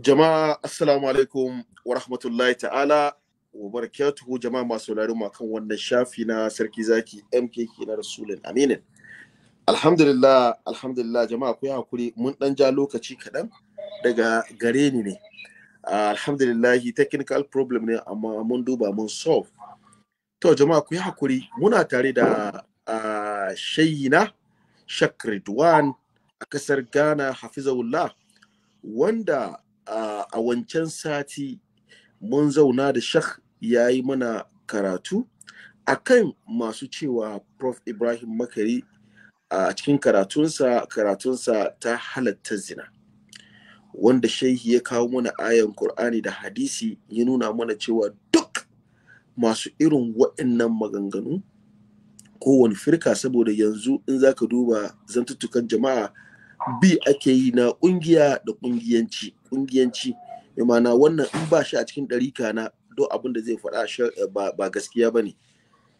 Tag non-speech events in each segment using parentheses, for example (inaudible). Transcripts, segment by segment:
Jama'a assalamu alaikum wa rahmatullahi ta'ala wa barakatuhu jama'a masu saurari ma kan wannan shafi na sarki zaki MKK na Rasulun Aminin. Alhamdulillah, alhamdulillah jama'a ku hakuri mun dan ja lokaci kaɗan daga gare ni ne. Ah, alhamdulillah technical problem ne amma mun duba mun solve. To jama'a ku hakuri muna tare da ah, shayina Shakridwan a kasar Ghana Hafizahullah wanda a wancan sati mun zauna da shak ya yi mana karatu akan masu cewa prof ibrahim makari a cikin karatunsa karatunsa ta halatta zina wanda shaihi ya kawo mana ayan Kur'ani da hadisi ya nuna mana cewa duk masu irin waɗannan maganganu kowane firka saboda yanzu in za ka duba zantuttukan jama'a bi ake yi na ƙungiya da ƙungiyanci ƙungiyanci imana wannan in ba shi a cikin ɗarika na duk abin da zai faɗa eh, ba gaskiya ba ne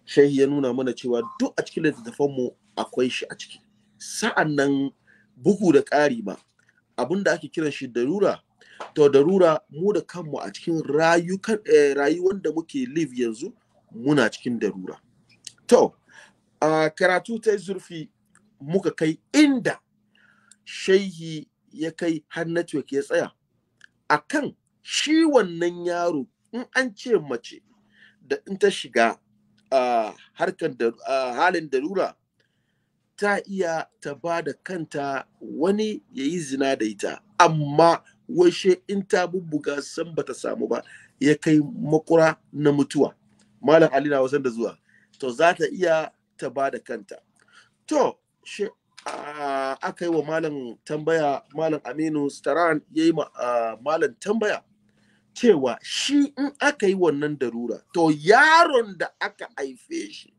shehi ya nuna mana cewa duk a cikin mu akwai shi a ciki sa'an nan bugu da ƙari ba. abin da ake kiran shi darura to darura mu da kanmu a cikin eh, rayuwar da muke live yanzu muna cikin darura to a karatu ta zurfi muka kai inda shehi ya kai har network ya tsaya akan shi wannan yaro in an ce mace da in ta shiga uh, harkan da halin darura ta iya ta ba da kanta wani ya yi zina da ita amma washe in ta bubbuga san ba ta samu ba ya kai makura na mutuwa malam ali na wasan da zuwa to za ta iya ta ba da kanta to aka yi wa malam tambaya malam aminu staran ya yi malam tambaya cewa shi in aka yi wannan darura to yaron da aka haife shi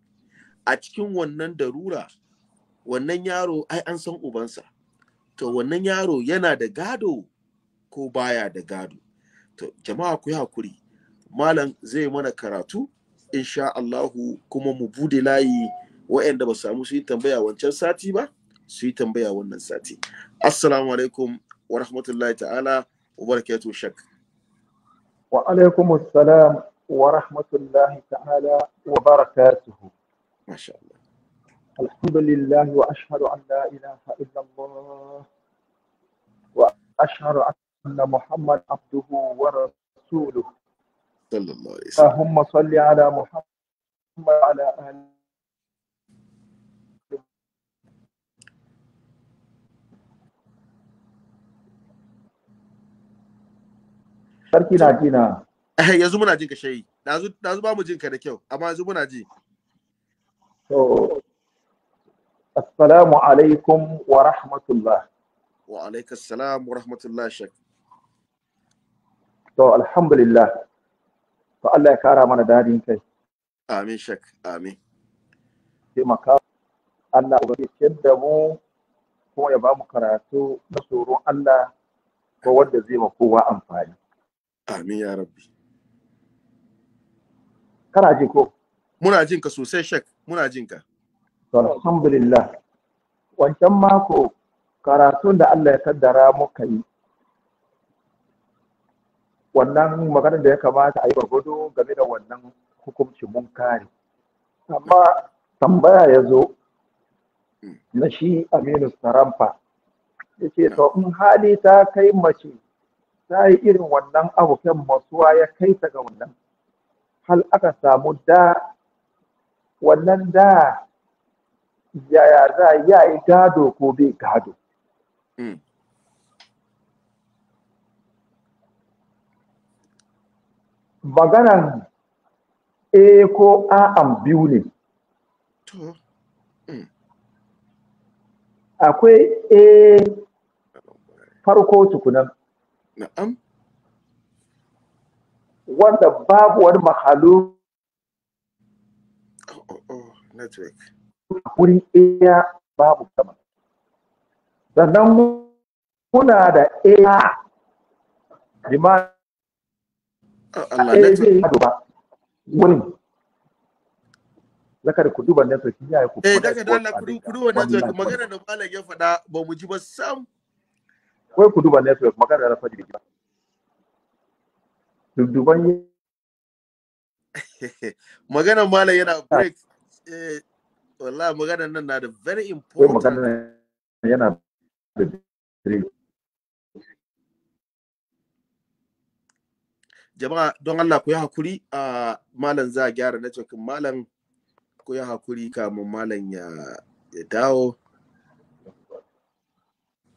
a cikin wannan darura wannan yaro ai an san ubansa to wannan yaro yana da gado ko baya da gado to jama'a ku yi hakuri malam zai mana karatu insha Allahu kuma mu bude layi waɗanda ba samu su yi tambaya wancan sati ba su yi tambaya wannan sati. Assalamu alaikum wa rahmatullahi ta'ala wa barakatuhu shak. Wa alaikum assalam wa rahmatullahi ta'ala wa barakatuhu. Masha Allah. Alhamdulillah wa ashhadu an la ilaha illallah wa ashhadu anna Muhammad abduhu wa rasuluhu. Sallallahu alaihi wasallam. Allahumma salli ala Muhammad wa ala ahli Sarki na jina. Eh, yanzu muna jin ka shayi. Dazu ba mu jin ka da kyau, amma yanzu muna ji. To, Assalamu alaikum wa rahmatullah. Wa alaikum assalam wa rahmatullah shek. To, alhamdulillah. To, Allah ya kara mana dadin kai. Amin shek, amin. maka Allah ubangiji da mu kuma ya ba mu karatu na tsoron Allah ko wanda zai ma kowa amfani. Amin ya rabbi. Kana ji ko? Muna jin ka sosai shek, muna jin ka. Alhamdulillah. Wancan mako karatun da Allah ya kaddara muka yi. Wannan maganar da ya kamata a yi gado, game da wannan hukumci mun kare. Amma tambaya ya zo hmm. na shi Aminu Saramfa. Ya ce, hmm. to in hali ta kai mace ta yi irin wannan abu kan masuwa ya kai ta ga wannan hal aka samu da wannan da yaya za ya yi gado ko bai gado hmm. maganan A ko a biyu ne hmm. akwai A farko tukunan na'am wanda babu wani mahalu oh, oh, oh. network wurin iya babu kama sannan muna da iya liman ah, Allah network wurin zaka da kuduban network ya yi ku eh daga dalla kudu kudu network magana da malam ya faɗa ba mu ji ba sam kawai ku duba network magana na fadi duk dubduban yi (laughs) maganan malam yana break eh, wallah maganan nan na da very important yana da jama'a don Allah ku yi hakuri a malam za a gyara networkin malam ku yi hakuri kamun malam ya dawo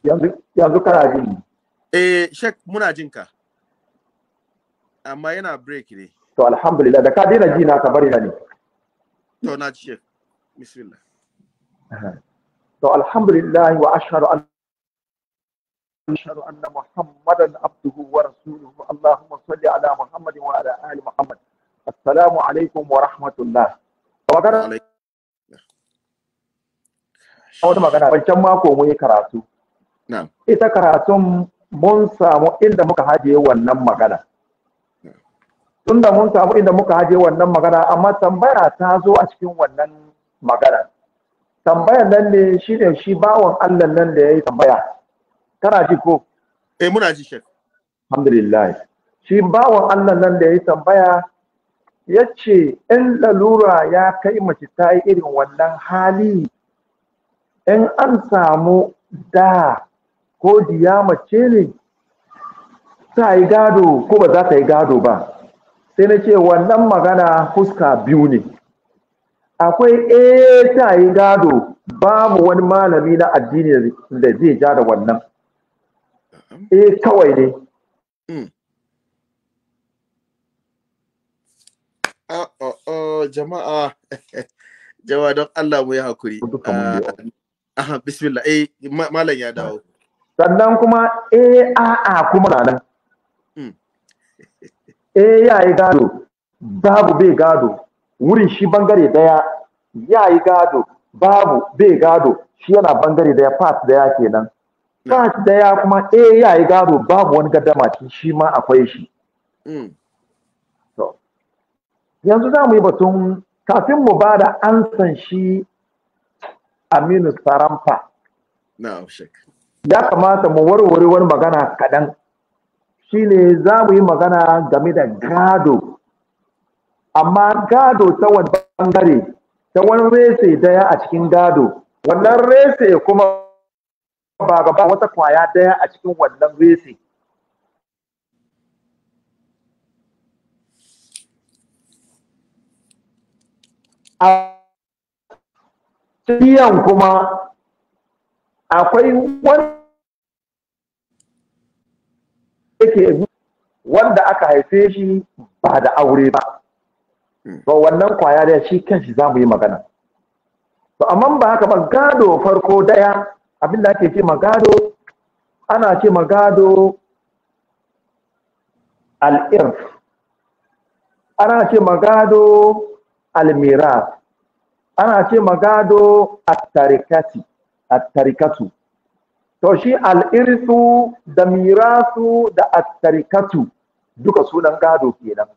yanzu yanzu kana jin eh shek muna jin ka amma yana break ne to alhamdulillah da ka daina ji na ka bari na ne to na ji shek bismillah to alhamdulillah wa ashhadu an أشهد أن محمدا عبده ورسوله اللهم صل على محمد وعلى آل محمد السلام عليكم ورحمة الله وقال أول magana wancan mako mun yi karatu ita karatun mun samu inda muka haje wannan magana tunda mun samu inda muka haje wannan magana amma tambaya ta zo a cikin wannan magana tambayan nan ne shi ne shi bawan Allah nan da ya yi tambaya kana ji ko eh muna ji shek alhamdulillah shi bawan Allah nan da ya yi tambaya ya ce in lalura ya kai mace ta yi irin wannan hali in an samu da ko diya mace ne ta yi gado ko ba za ta yi gado ba sai na ce wannan magana fuska biyu ne akwai e eh, ta yi gado babu wani malami na addini da zai ja da wannan E, kawai ne hmm. jama'a (laughs) jama'a don Allah mu yi hakuri ah, bismillah eh malam ya dawo sannan kuma a'a kuma na nan hmm. (laughs) ya yi gado babu bai gado wurin shi bangare daya ya yi gado babu bai gado shi yana bangare daya part daya kenan hmm. part daya kuma a ya yi gado babu wani gadama shi ma akwai shi hmm. yanzu za mu yi batun kafin mu ba da ansan shi aminu saramfa na shek ya kamata mu warware wani magana kaɗan shine za mu yi magana game da gado amma gado ta wani bangare ta wani rese daya a cikin gado wannan rese kuma ba gaba wata kwaya daya a cikin wannan rese a kuma akwai wani yake wanda aka haife shi ba da aure ba ba hmm. wannan kwaya da shi kanshi za mu yi magana to amma ba haka ba gado farko daya abin da ake ce ma gado ana ce ma gado al'irf ana ce ma gado ana ce ma gado attarikati attarikatu to shi al'irsu da mirasu da attarikatu duka sunan gado kenan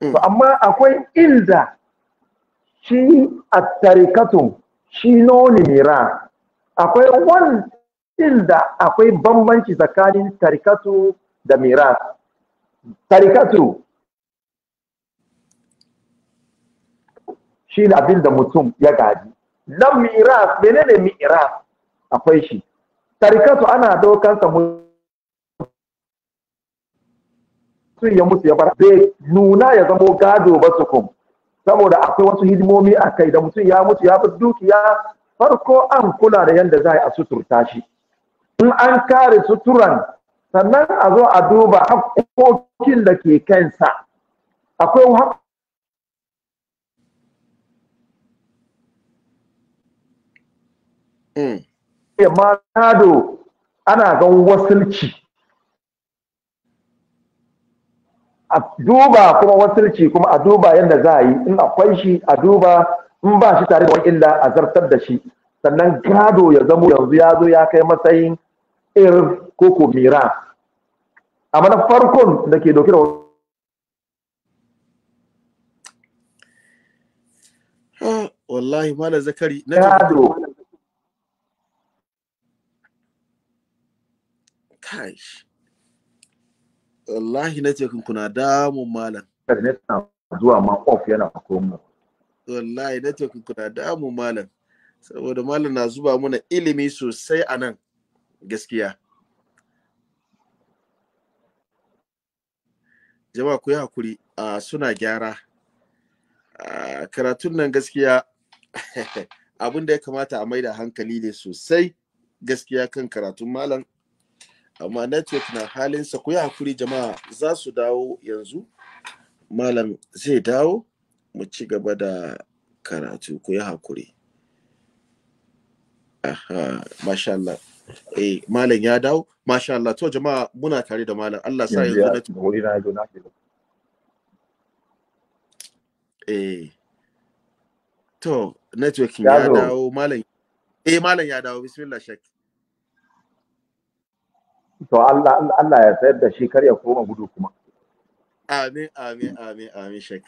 to hmm. amma akwai inda shi attarikatu shi noni mira akwai wani inda akwai bambanci tsakanin tarikatu da miras tarikatu shi abinda abin da mutum ya gaji Nan mi'ra, menene miras akwai shi tarikatu ana dokan sa mutum ya mutu ya bar bai nuna ya zamo gado ba su kun saboda akwai wasu hidimomi a kai da mutum ya mutu ya fi dukiya farko an kula da yadda za a suturta shi in an kare suturan sannan a zo a duba haƙoƙin da ke kansa akwai haƙoƙin Mm. ma gado ana gan wasulci a duba kuma wasulci kuma a duba yadda za a yi in akwai shi a duba in ba shi tare da wani illa a zartar da shi sannan gado ya zamo yanzu ya zo ya kai matsayin ko ko mira amma na farkon da ke dauke da ah, wallahi mala zakari na gado kai wallahi na ce kun kuna damun malam internet na zuwa ma off yana komo wallahi na ce kun kuna damun malam saboda malam na zuba mana ilimi sosai a nan gaskiya jama'a ku yi hakuri a suna gyara karatun nan gaskiya (laughs) abin da ya kamata a maida hankali ne sosai gaskiya kan karatun malam amma network na halinsa ku yi hakuri jama'a za su dawo yanzu malam zai dawo mu ci gaba da karatu ku yi hakuri aha masha Allah eh malam ya dawo masha Allah to jama'a muna tare da malam Allah sa yanzu na wuri na na eh to networking ya dawo malam eh malam ya dawo bismillah shaki to Allah Allah ya sayar da shi kar ya koma gudu kuma amin amin amin amin shek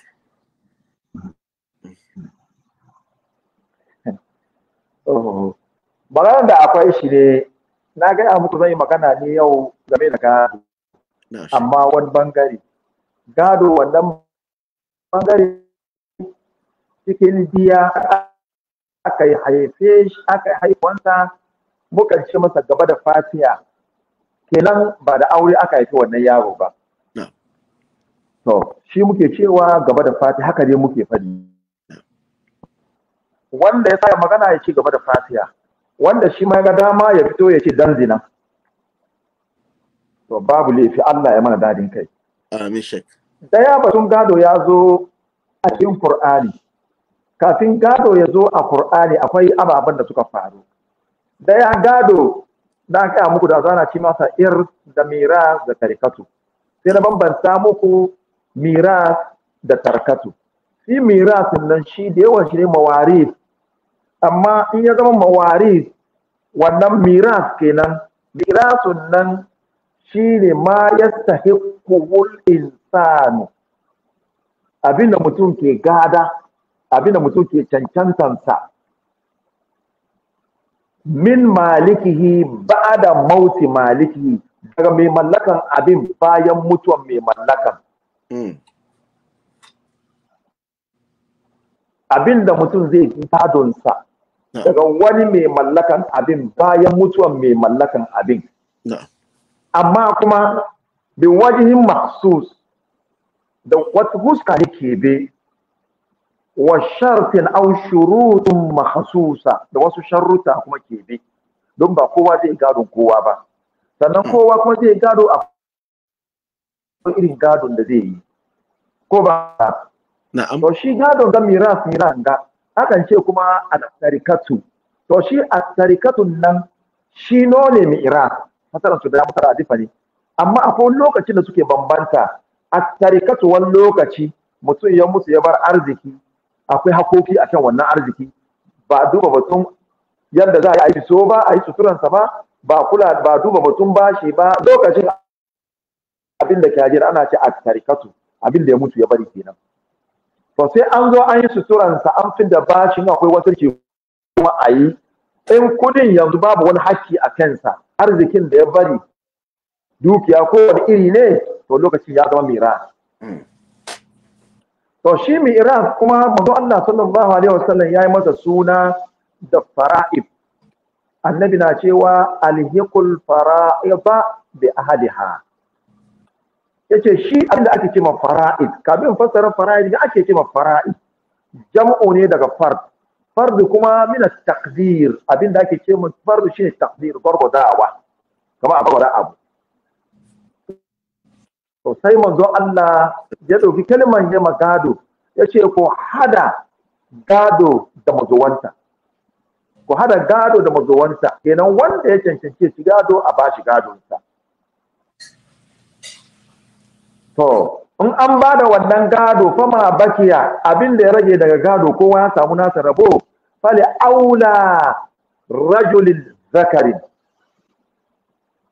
Maganar da akwai shi ne, na gaya muku zai yi magana ne yau game da gado, amma wani bangare. Gado wannan bangare cikin biya aka yi haife shi, aka yi haifuwansa, muka ci masa gaba da fatiya. kenan ba da aure aka haifi wannan yaro ba to shi muke cewa gaba da fati haka ne muke fadi wanda ya sa magana ya ci gaba da fatiya wanda shi ma ga dama ya fito ya ce dan zina to babu laifi Allah ya mana dadin kai amin shek daya batun gado ya zo a cikin Kur'ani. kafin gado ya zo a Kur'ani, akwai ababen da suka faru daya gado na kaya muku da zana ci masa ir da miras da tarkatu sai na bambanta muku miras da tarkatu shi miras nan shi da yawan shi ne mawaris amma in ya zama mawaris wannan miras kenan mirasun nan shi ne ma yastahiqul insanu abinda mutum ke gada abinda mutum ke cancantansa min malikihi ba'da mauti malikihi daga mai mallakan abin bayan mutuwan mai mallakan hmm. abin da mutum zai gadonsa daga wani mai mallakan abin bayan mutuwan mai mallakan abin amma kuma bin wajihin maksus da wata huska ne ke be wa sharfin au shurutun mahasusa da wasu sharruta kuma ke bi don ba kowa zai gado kowa ba sannan kowa kuma zai gado a irin gadon da zai yi ko ba na'am to shi gadon ga miras miras ga akan ce kuma at-tarikatu to shi at-tarikatu nan shi nole miras masaran su da mutara difa ne amma akwai lokacin da suke bambanta at-tarikatu wani lokaci mutum ya mutu ya bar arziki akwai hakoki kan wannan arziki ba duba batun yadda za a yi so ba a yi suturansa ba ba kula ba duba batun bashi ba lokacin abin da kyajir ana ce a tarikatu abin da ya mutu ya bari kenan to sai an zo an yi suturansa an fi da bashin akwai wasu ke kuma a yi in kudin yanzu babu wani haƙƙi a kansa arzikin da ya bari dukiya ko wani iri ne to lokacin ya zama mira to shi mi'raj kuma manzo Allah sallallahu alaihi wasallam yayi masa suna da fara'ib annabi na cewa alhiqul fara'iba bi ahadiha yace shi abinda ake cewa fara'id kafin fassara fara'id da ake cewa fara'id jam'u ne daga fard fard kuma min at-taqdir abinda ake cewa fard shine taqdir gurgudawa kamar a abu to sai manzo Allah ya ɗauki kalmar yama gado ya ce ko hada gado da mazuwanta. ko hada gado da mazuwanta kenan wanda ya cancanci shi gado a bashi shi gadonsa to in an ba da wannan gado fama bakiya abin da ya rage daga gado kowa ya samu nasa rabo fali aula rajulin zakarin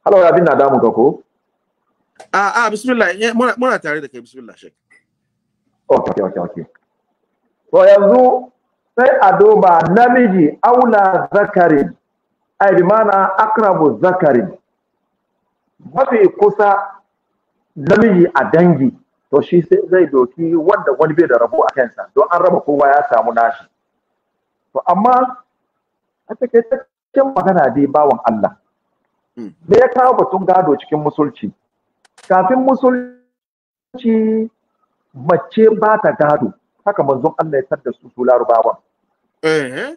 halawar abin na damu ga ko a ah, a ah, bismillah eh, muna tare da kai bismillah shek okay okay okay to yanzu sai Ado ba namiji aula zakarin ai bi mana akrabu zakarin mafi kusa namiji a dangi to shi sai zai doki wanda wani bai da rabo a kansa don an raba kowa ya samu nashi to amma a takaitaccen magana dai bawan Allah hmm. me ya kawo batun gado cikin musulci kafin musulunci mace ba ta gado haka manzon Allah ya tar su su larubawan eh.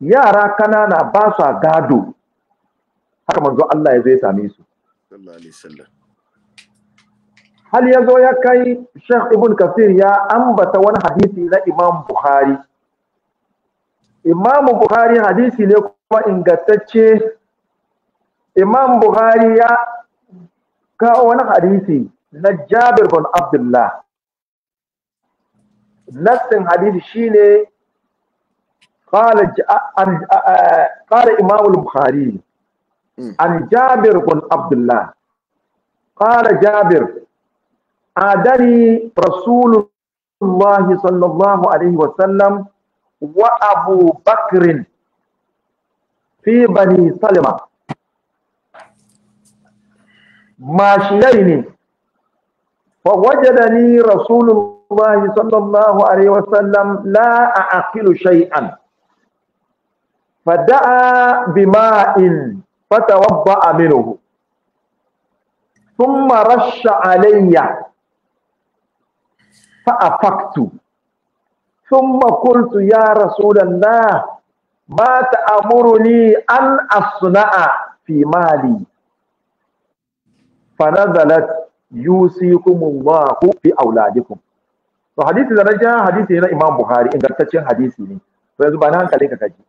yara kanana ba su a gado haka manzon Allah ya zai same su hal ya zo ya kai Sheikh Ibn Kasir ya ambata wani hadisi na Imam Bukhari Imam Bukhari hadisi ne kuma ingantacce imam buhari ya kawo wani hadisi na jabir bin abdullah nassin hadisi shine قال قال امام البخاري عن جابر بن عبد الله قال جابر آدري رسول الله صلى الله عليه وسلم وأبو بكر في بني سلمة ماشيين فوجدني رسول الله صلى الله عليه وسلم لا أعقل شيئا فدعا بماء فتوضأ منه ثم رش علي فأفقت ثم قلت يا رسول الله ما تأمرني أن أصنع في مالي fanazalat yusikumullahu fi auladikum to hadisi da na ja hadisi na Imam Buhari ingantaccen hadisi ne to yanzu ba na hankali ka kaji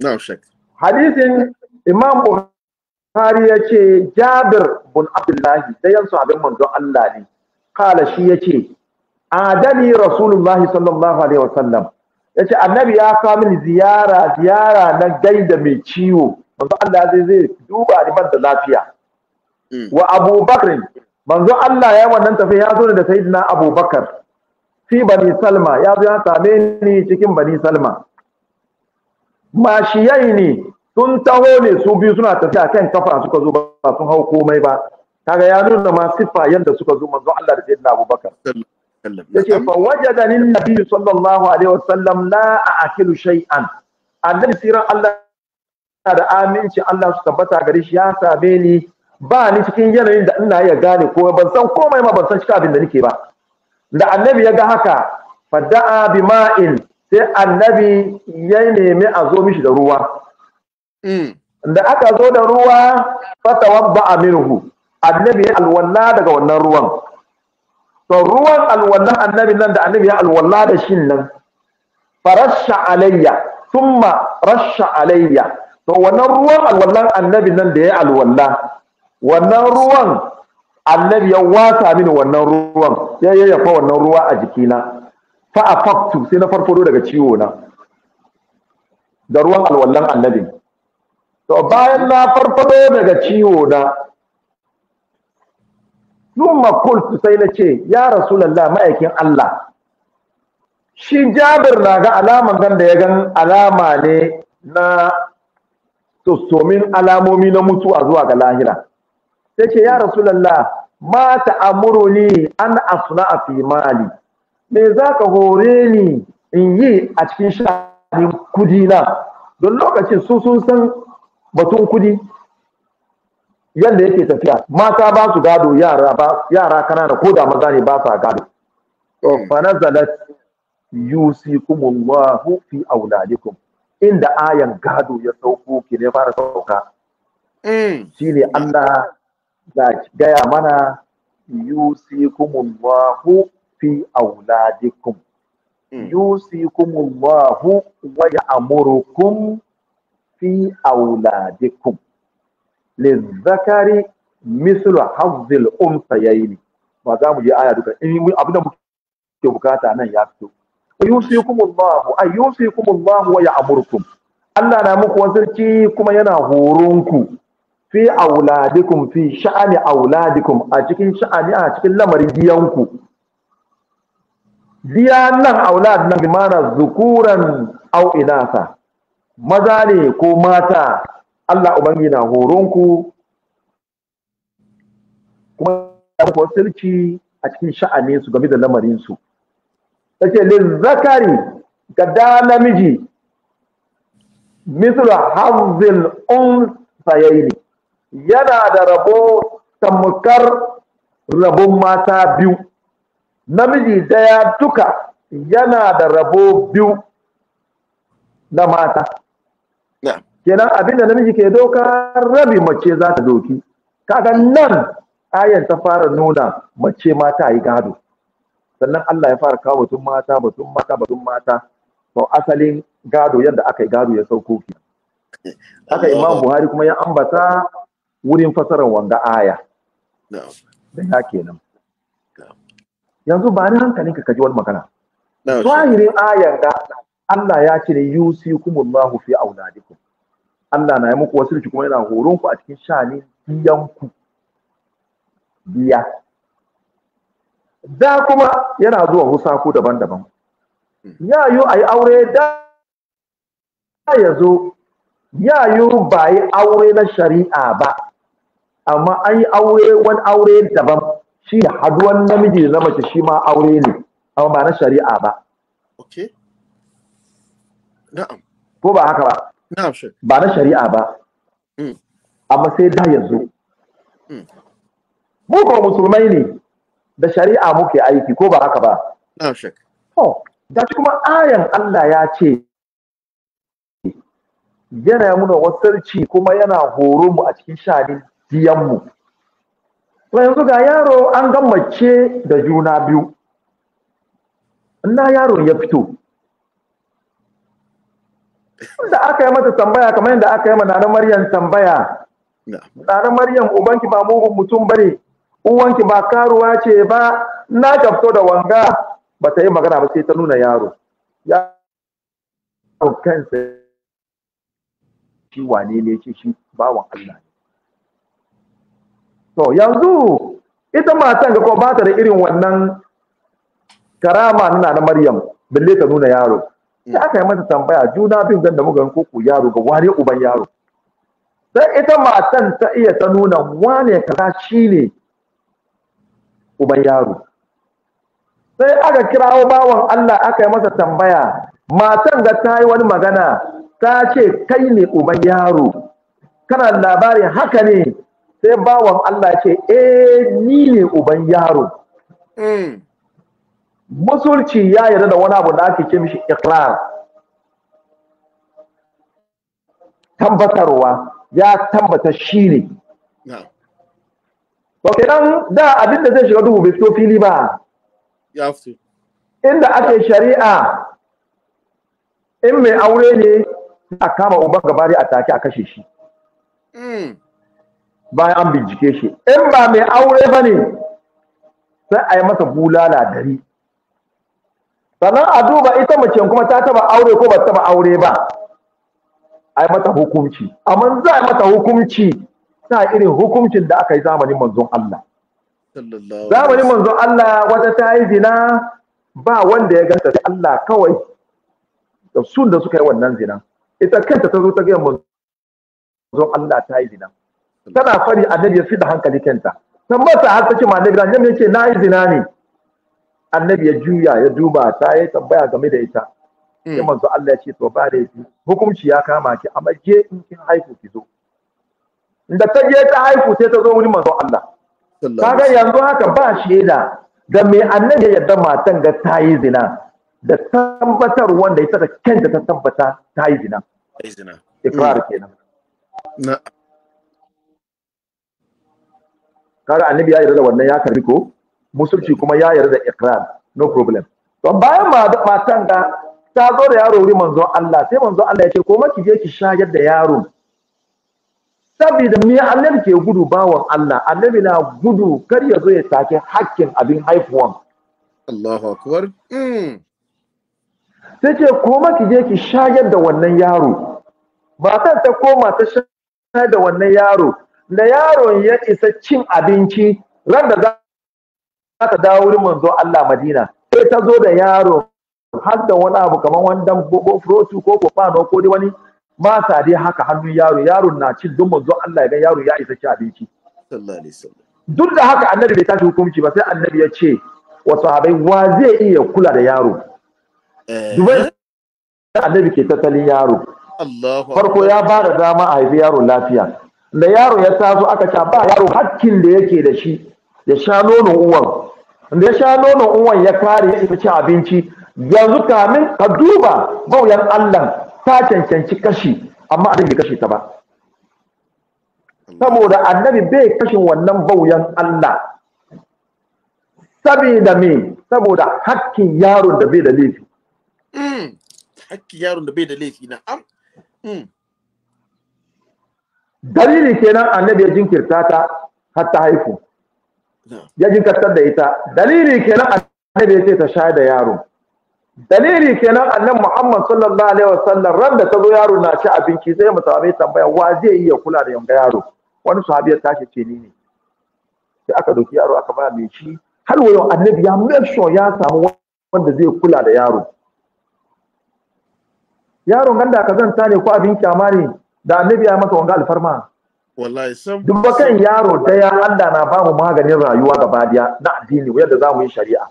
na shak hadisin Imam Buhari ya ce Jabir bin Abdullahi, sai yansu abin manzon Allah ne kala shi ya ce adani Rasulullahi sallallahu alaihi wasallam ya ce annabi ya kawo ziyara ziyara na gaida mai ciwo manzon Allah zai zai duba ni da lafiya Mm. wa Abu Bakr manzo Allah ya wannan tafi ya zo da Sayyidina Abu Bakar fi Bani Salma ya zo ya same ni cikin Bani Salma mashiyai ne sun taho ne su biyu suna tafiya kan kafa suka zo ba sun hau komai ba kaga ya nuna ma siffa yanda suka zo manzo Allah da Sayyidina Abu Bakar yake fa lin nabi sallallahu alaihi wasallam la a'kilu shay'an annabi sirran Allah da aminci Allah su tabbata gare shi ya same ni ba ni cikin yanayin da ina iya gane ko ban san komai ma ban san cikin abin da nake ba da annabi ya ga haka fada'a bima'in sai annabi ya nemi a zo mishi da ruwa mm. da aka zo da ruwa fatawabba aminuhu annabi ya alwalla daga wannan ruwan to ruwan alwallan annabi nan da annabi ya alwalla da shin nan farasha alayya thumma rasha alayya to wannan ruwan alwallan annabi nan da ya alwalla wannan ruwan annabi ya wasa mini wannan ruwan ya yayyafa wannan ruwa a jikina fa afaktu sai na farfado daga ciwo na da ruwan alwallan annabi to bayan na farfado daga ciwo na thumma qultu sai na ce ya rasulullah ma'aikin Allah shi Jabir na ga alaman gan da ya gan alama ne na tsotsomin alamomi na mutuwa zuwa ga lahira sai ce ya rasulullah ma ta'amuruni an a fi mali me zaka hore ni in yi a cikin sha'anin kudi na don lokacin su sun san batun kudi yadda yake tafiya mata ba su gado yara ba yara kanana ko da maza ne ba sa gado to fa nazalat yusikumullahu fi auladikum inda ayan gado ya sauko ki ne fara sauka mm. shine Allah za ki gaya mana kumullahu fi auladikum hmm. kumullahu wa ya'murukum fi auladikum lizzakari mislu hazzil unsayaini ba za mu je aya duka in abin da muke bukata nan ya fito kumullahu ay kumullahu wa ya'murukum Allah na muku wasirki kuma yana horonku fi auladikum fi sha'ani auladikum a cikin sha'ani a cikin lamarin diyanku diyan nan aulad nan mana zukuran au inasa maza ne ko mata Allah ubangi na horonku kuma ku sirki a cikin sha'ani su game da lamarin su tace lil zakari ga da namiji mithla hazil un yana da rabo tamkar rabon mata biyu namiji daya duka yana da rabo biyu na mata kenan abinda namiji ke doka rabi mace za ta doki kaga nan ayan ta fara nuna mace mata yi gado sannan Allah ya fara kawo batun mata batun mata batun mata to asalin gado yadda aka yi gado ya sauko ki haka Imam Buhari kuma ya ambata wurin fasarar wanga aya da ya kenan yanzu ba ni hankali ka kaji wani magana zahirin ayar da Allah ya ce ne Allah fi auladikum Allah na yi muku wasu kuma yana horon ku a cikin shani biyanku biya da kuma yana zuwa husa ku daban-daban hmm. ya yi a yi aure da ya zo ya yi ba yi aure na shari'a ba amma an yi aure wani aure daban shi ne haduwan namiji na mace shi ma aure ne amma ba na shari'a ba na'am ko ba haka ba na'am shi ba na shari'a ba mm. amma sai da yanzu mm. mu ko musulmai ne da shari'a muke aiki ko ba haka ba na'am shi to da kuma ayan Allah ya ce yana muna wasarci kuma yana horo mu a cikin sha'anin diyanmu to yanzu ga yaro an gammace mace da juna biyu ina yaro ya fito da aka yi mata tambaya kamar yadda aka yi ma nana maryam tambaya nana maryam ubanki ba mugun mutum bane uwanki ba karuwa ce ba na ta da wanga ba ta yi magana ba sai ta nuna yaro yaro kansa shi wane ne ce shi bawan Allah ne to yanzu ita matan ga ko ba ta da irin wannan karama nuna na Maryam balle ta nuna yaro sai aka yi mata tambaya juna bin zan da muka ko ku yaro ga wane uban yaro sai ita matan ta iya ta nuna wane kaza ne uban yaro sai aka kirawo bawan Allah aka yi masa tambaya matan ga ta yi wani magana ta ce kai ne uban yaro kana labarin haka ne sai bawan Allah ce eh ni ne uban yaro hmm. musulci ya yarda da wani abu da ake ce mishi ikrar tabbatarwa ya tabbata shi ne ba kenan da abin da zai shiga duhu bai fito fili ba inda ake shari'a in mai aure ne a kama uban gaba dai a take a kashe shi hmm. bayan an bincike shi in ba mai aure ba ne sai a yi masa bulala dari sannan a duba ita mace kuma ta taba aure ko ba taba aure ba a yi mata hukunci amma za a yi mata hukunci ta irin hukuncin da aka yi zamanin manzon Allah zamanin manzon Allah wata ta yi zina ba wanda ya ganta sai Allah kawai da sun da suka yi wannan zina ita kanta ta zo ta ga manzon Allah ta yi zina tana fari annabi ya fida hankali kanta tambata har ta ma annabi annabi yake na yi zina ne annabi ya juya ya duba ta yi tambaya game da ita eh. sai manzo Allah ya ce to ba da hukunci ya kama ki amma je in kin haihu ki zo inda ta je ta haihu sai ta zo wurin manzo Allah kaga yanzu haka ba shaida da me annabi ya yarda matan ga ta yi zina da tabbatar wanda ita da kenta ta tabbata ta yi zina ikrar kenan na kaga annabi ya yarda da wannan ya karbi ko musulci kuma ya yarda da ikrar no problem don bayan matan da ta zo da yaro wuri manzo Allah sai manzo Allah ya ce ko maki je ki shayar da yaro saboda me annabi ke gudu bawan Allah annabi na gudu kar ya zo ya take hakkin abin haifuwan Allahu akbar mm. sai ce koma ki je ki shayar da wannan yaro matan ta koma ta shayar da wannan yaro da yaron ya isa cin abinci ran da za ta dawo wurin manzo Allah Madina sai ta zo da yaro har da wani abu kamar wani dan furotu ko kofano ko dai wani sa dai haka hannun yaro yaron na cin don manzo Allah ya yaro ya isa cin abinci duk da haka annabi bai tashi hukunci ba sai annabi ya ce wa sahabai wa zai iya kula da yaro Eh, dubai annabi ke tattalin yaro farko ya ba da dama a haifi yaro lafiya da yaro ya taso aka ce ba yaro hakkin da yake da shi ya sha nonon uwan da ya sha nonon uwan ya kare ya isa ci abinci yanzu kamin ka duba bauyan Allah ta cancanci kashi amma a bai kashe ta ba saboda annabi bai kashin wannan bauyan Allah saboda me saboda hakkin yaron da bai da laifi hakkin yaron da bai da laifi na am hmm. dalilin kenan annabi ya jinkirta ta har ta haihu ya jinkirta da ita dalili kenan annabi ya ce ta shayar da yaro dalili kenan annan muhammad sallallahu alaihi wasallam ran da ta zo yaro na ci abinci sai mu samu tambaya wa zai iya kula da yanga yaro wani sahabi ya tashi ce ni ne sai aka doki yaro aka ba mai shi har wayo annabi ya make sure ya samu wanda zai kula da yaro yaron ganda ka zanta ne ko abin kyama ne da annabi ya maka wanga alfarma wallahi sam duk bakan yaro daya Allah na ba mu maganin rayuwa gaba daya na addini yadda za mu yi shari'a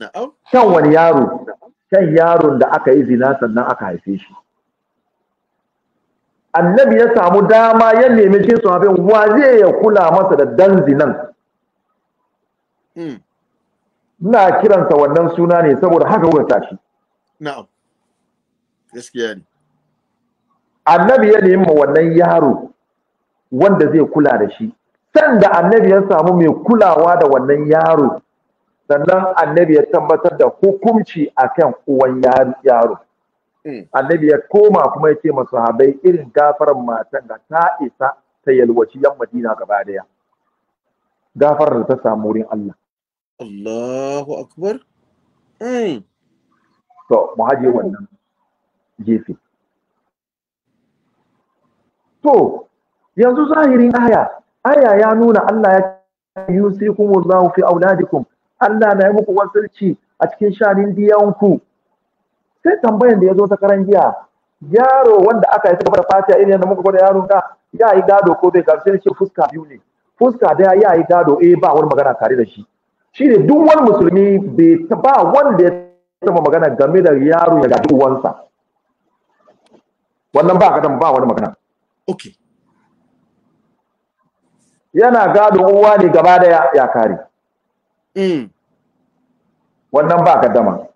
na'am kan wani yaro kan yaron da aka yi zina sannan aka haife shi annabi ya samu dama ya nemi cikin abin wa zai ya kula masa da dan zinan hmm. ina kiransa wannan suna ne saboda haka wuta shi na'am gaskiya ne annabi ya nemi wannan yaro wanda zai kula da shi sanda annabi ya samu mai kulawa da wannan yaro sannan annabi ya tabbatar da hukunci akan uwan yaro hmm. annabi ya koma kuma ya ce masu habai irin gafarar matan da ta isa ta yalwaci yan madina gaba daya gafarar da ta samu wurin Allah Allahu akbar hmm. to mu haje wannan gefe to yanzu zahirin aya aya ya nuna Allah ya yi yusikumullahu fi auladikum Allah na yi muku wasarci a cikin shanin diyanku sai tambayan da ya zo ta karan jiya yaro wanda aka yi gaba da fatiha irin yadda muka gwada yaro ka ya yi gado ko bai gado sai ce fuska biyu ne fuska daya ya yi gado e ba wani magana tare da shi shi ne duk wani musulmi bai ba wanda ya taba magana game da yaro ya gado uwansa wannan ba kadan ba wani magana okay yana gadon uwa ne gaba da ya kare mm wannan ba kadama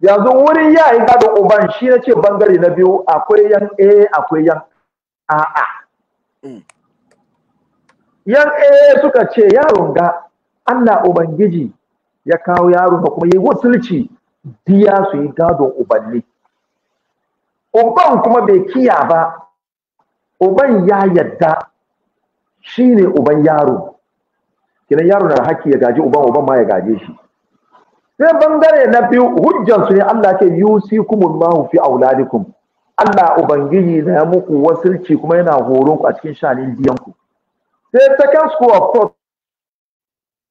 yanzu wurin yi gadon uban shi na ce bangare na biyu akwai yan a akwai yan a'a mm. yan a suka ce yaron ga Allah ubangiji ya kawo yaro na kuma yi wasulci biya su yi gadon ubanni uban kuma bai kiya ba uban ya yadda shine uban yaro kinan yaro na haƙƙi ya gaji uban uban ma ya gaje shi sai bangare na biyu hujjan su ne Allah ke ce yusikumullahu fi auladikum Allah ubangiji na ya muku wasirci kuma yana horon ku a cikin shanin biyan ku sai second school of thought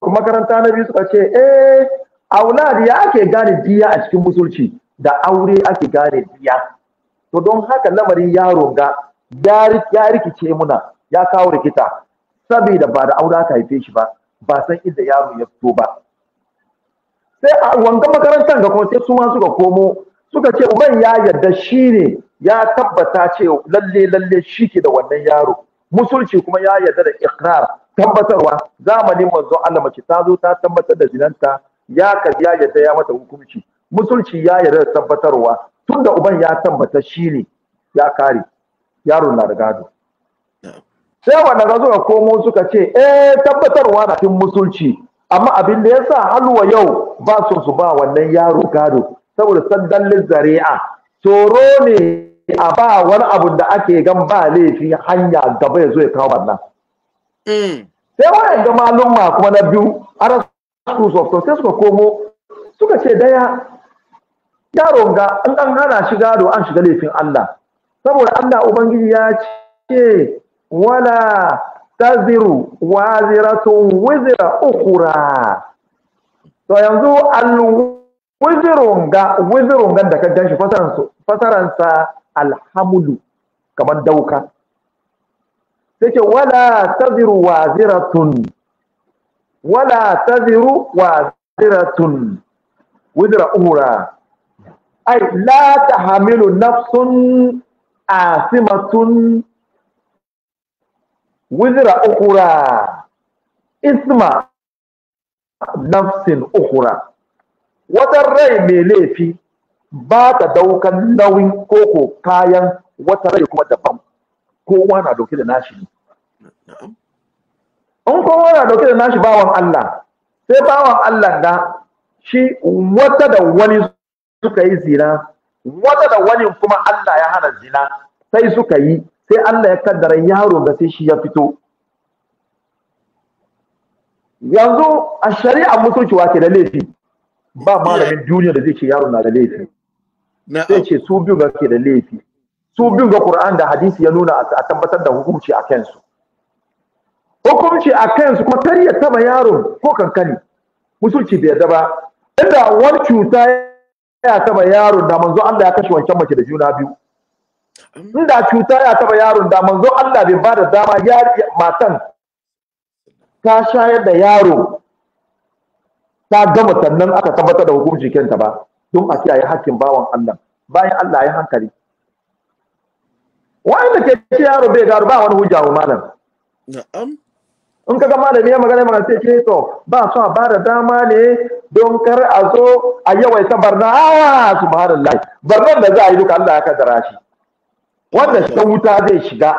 makaranta na biyu suka ce eh auladi ya ake gane diya a cikin musulci da aure ake gane diya to don haka lamarin yaro ga ya rikice muna ya kawo rikita saboda ba da aure aka haife shi ba ba san inda yaro ya fito ba sai a wanga makarantar ga kuma sai su ma suka komo suka ce uban ya yarda shi ne ya tabbata ce lalle lalle shi ke da wannan yaro musulci kuma ya yarda da ikrar tabbatarwa zamanin manzon Allah mace ta zo ta tabbatar da zinanta ya kaji ya yarda ya mata hukunci musulci ya yarda da tabbatarwa tun da uban ya tambata shi ne ya kare yaro na da gado sai wanda ga zuwa komo suka ce eh tabbatarwa na cikin musulci amma abin da yasa halwa yau ba su su ba wannan yaro gado saboda sandan zari'a tsoro ne a ba wani abu da ake gan ba laifi hanya gaba ya zo ya kawo wannan mm. sai wayan ga malumma kuma na biyu ara su sai suka komo suka ce daya yaron ga in an hana shi gado an shiga laifin Allah saboda Allah ubangiji ya ce wala taziru waziratun wizira ukura to yanzu al wizirun ga wizirun ga da ka ganshi fasaransa alhamdu kamar dauka sai ce wala taziru waziratun wala taziru waziratun wizira ukura ai la tahamilu nafsun asimatun wizira ukura isma nafsin ukura wata rai mai laifi ba ta daukan nauyin koko kayan wata rai kuma daban kowa na dauke da nashi in kowa na dauke da nashi bawan Allah sai bawan Allah da shi wata da wani suka yi zina wata da wani kuma Allah ya hana zina sai suka yi sai Allah ya kaddara yaro da sai shi ya fito yanzu a shari'a musulci wa ke da laifi ba malamin duniya da zai ce yaro na da laifi sai ce su biyu ga ke da laifi su biyu ga Qur'an da hadisi ya nuna a tabbatar da hukunci a kansu hukunci a kansu ko tariya taba yaron ko kankani musulci bai yarda ba inda wani cuta ya taba yaron da manzo Allah ya kashe wancan mace da juna biyu inda cuta ya taba yaron da manzo Allah bai bada dama matan ta shayar da yaro ta gama sannan aka tabbatar da hukunci kenta ba don a kiyaye hakkin bawan Allah bayan Allah ya hankali wanda ke yaro bai gano ba wani hujja malam na'am in ka gama da ya magana magana sai ke to ba su a bada dama ne don kar a zo a yawaita barna awa ah, lai barnan da za a yi duka Allah ya kaddara shi wanda shi wuta zai shiga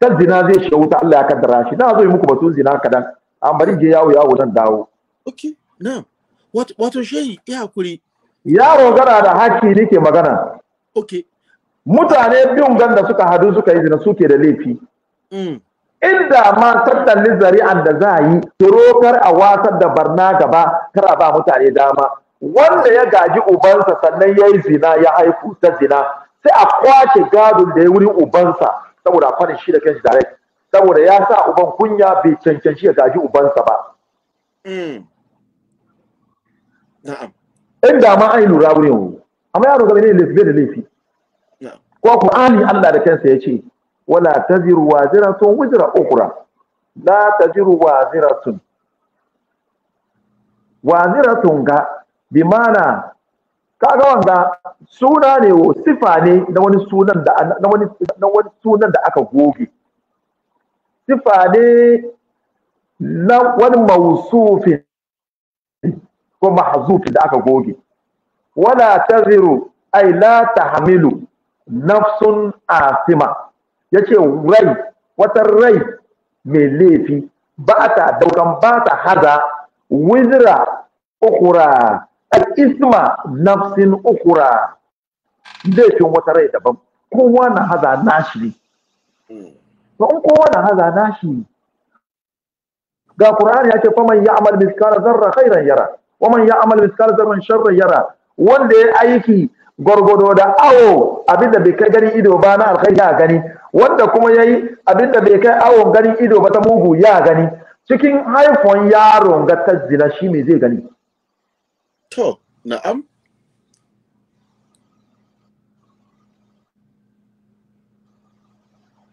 ta zina zai shiga wuta Allah ya kaddara shi na zo yi muku batun zina kadan an bari je yawo yawo nan dawo ok na wato shehi ya hakuri yaro gana da haki nake magana ok mutane biyun ganda suka hadu suka yi zina suke da laifi mm. inda ma tattalin zari'an da za a yi turokar a watsar da barna gaba kara ba mutane dama wanda ya gaji ubansa sannan ya yi zina ya haifu ta zina sai a kwace gadon da ya wuri ubansa saboda a farin shi da shi direct saboda ya sa uban kunya bai cancanci ya gaji ubansa ba hmm. inda ma an yi lura wurin amma yaro game ne laifi da laifi ko Qur'ani Allah da kansa ya ce wala taziru waziratun wizra ukhra la taziru waziratun waziratun ga bi mana kaga wanga suna ne wo sifa ne na wani sunan da na wani na wani sunan da aka goge sifa ne na wani mausufin ko mahzufin da aka goge wala taziru ay la tahmilu nafsun asima ya ce rai wata rai mai laifi ba ta daukan ba ta haza wizra ukura al-isma nafsin ukura laifin wata rai daban kowa na haza nashi ne to in kowa na haza nashi ga qur'ani ya ce faman ya'mal miskala zarra khairan yara waman ya'mal miskala zarra sharra yara wanda ya aiki gwargwado da awo abinda bai kai gani ido ba na alkhairi a gani wanda kuma ya yi abinda bai kai awon ganin ido ba ta mugu ya gani cikin haifon yaron ga tazzila shi me zai gani to na'am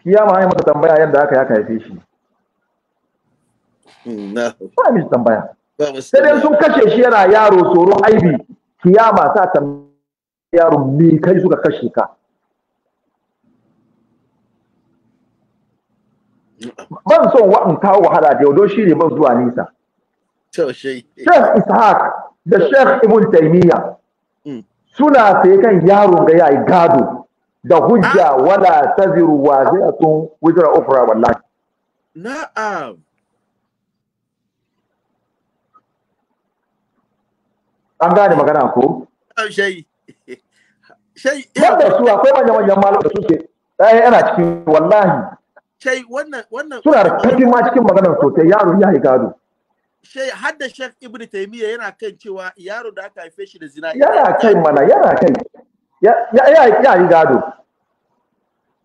ya ma mata tambaya yadda aka ya haife shi hmm, ba mi tambaya sai dai sun kashe shi yana yaro tsoron aibi kiyama sa tambaya yaro me kai suka kashe ka ban son wa'an kawo wahala da yau shi ne ban zuwa nisa Sheikh Ishaq da Sheikh Ibn Taymiya mm. suna sai kan yaro ga yayi gado da hujja ah! wala taziru wazi'atun wizra ukhra wallahi na'am an gane magana ko shai shai yadda su akwai manyan manyan malu da suke ɗaya eh, yana cikin wallahi shai wannan wannan suna da kafi ma cikin maganar sosai yaro ya yi gado shai hadda da shek ibn taymiya yana kan cewa yaro da aka haife shi da zina yana kai mana yana kai ya ya yi gado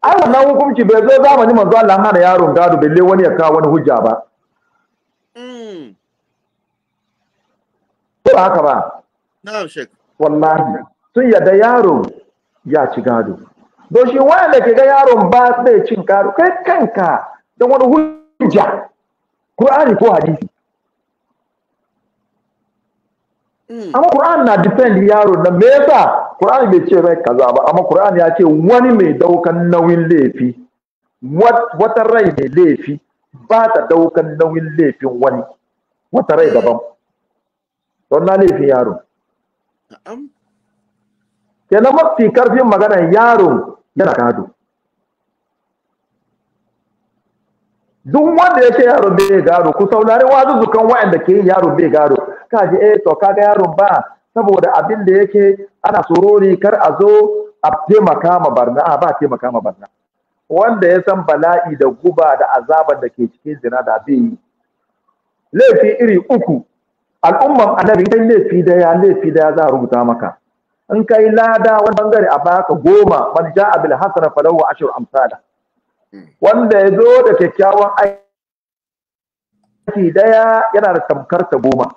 ai wannan hukunci bai zo zamanin manzo Allah hana yaron gado balle wani ya kawo wani hujja ba hmm. Ko haka ba na'am Sheikh. wallahi sun yadda yaro ya ci gado don shi wanda ke ga yaron ba zai cin karo kai kanka don wani hujja Qur'ani ko hadisi hmm. amma Qur'an na defend yaro na me yasa Qur'ani bai ce mai kaza ba amma Qur'an ya ce wani mai daukan nauyin laifi wata rai mai laifi ba ta daukan nauyin laifin wani wata rai daban don na laifin yaro kenan mafi karfin magana yaro yana gado duk wanda ya ce yaron bai gado ku saurari wazuzzukan wa'anda ke yin yaron bai gado ka ji eh to kaga yaron ba saboda abin da yake ana sorori kar a zo a taimaka ma barna a ba taimaka ma barna wanda ya san bala'i da guba da azabar da ke cikin zina da bai yi laifi iri uku al'umman annabi idan laifi daya laifi daya za a rubuta maka in kai lada wani bangare a baka goma man ja'a bil hasana falahu ashru amsala wanda ya zo da kyakkyawan aiki daya yana da tamkar ta goma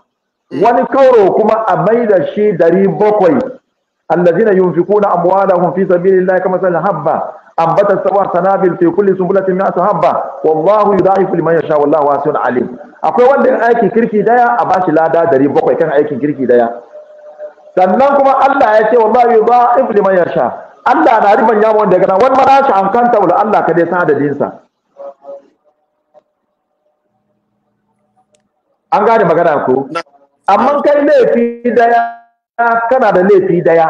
wani kauro kuma a mai da shi dari bakwai allazina yunfikuna amwalahum fi sabilillahi kama sal habba ambata sab'a sanabil fi kulli sunbulatin mi'atu habba wallahu yudha'ifu liman yasha wallahu wasi'un alim akwai wanda in aikin kirki daya a bashi lada dari bakwai kan aikin kirki daya sannan kuma Allah ya ce wallahi yudha'if liman yasha Allah na rufan yamu wanda gana wani mara shi an kanta wala Allah ka dai san adadin sa an gane magana ko amma kai laifi daya kana da laifi daya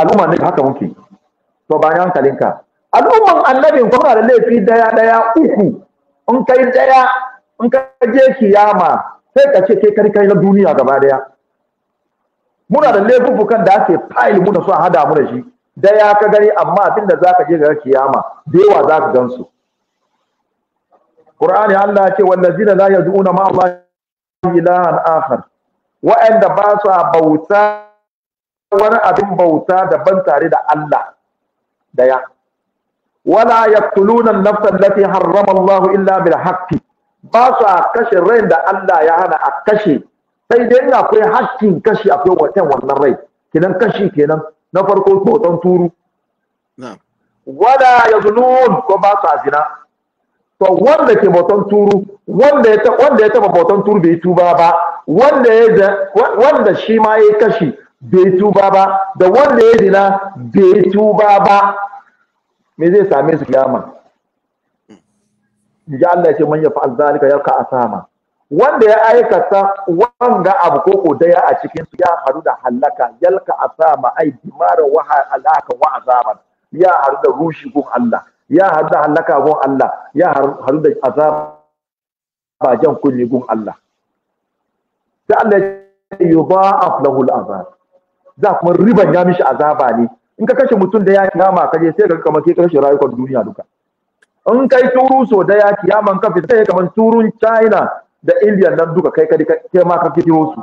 al'umma ne haka muke to ba hankalinka al'umman annabin kuma da laifi daya daya uku in kai daya in ka je kiyama sai ka ce kai kai na duniya gaba daya muna da laifukan da ake fayil muna so a hada mu da shi da ya ka gani amma abin da zaka je ga kiyama da yawa zaka gansu Qur'ani Allah ya ce wallazina la yad'una ma Allah ilahan akhar wa'anda ba su bauta wani abin bauta daban tare da Allah daya wala yaqtuluna an-nafsa allati harrama Allah illa bil haqqi ba su kashe rain da Allah ya hana a kashe sai dai akwai hakkin kashi akwai watan wannan rai kenan kashi kenan na farko hoton turu wada ya zunun ko ba sa zina to wanda ke boton turu wanda ya wanda ya taba bautan turu bai tuba ba wanda ya wanda shi ma ya kashi bai tuba ba da wanda ya zina bai tuba ba me zai same su kiyama ya hmm. Allah ya ce man ya fa'al zalika ka asama wanda ya aikata wanga abu ko ko daya a cikin su ya haru da halaka yalka asama ai dimara wa halaka wa azaban ya haru da rushi gun Allah ya haru da halaka gun Allah ya haru da azaba jan kulli gun Allah da Allah ya yudha'af lahu al'azab za kuma riban ya mishi azaba ne in ka kashe mutum da ya kiyama ka je sai ka kamar ka kashe rayukan duniya duka in kai turu so da ya kiyaman ka fita kamar turun China da Indian nan duka kai kai kai ma ka kitiyo su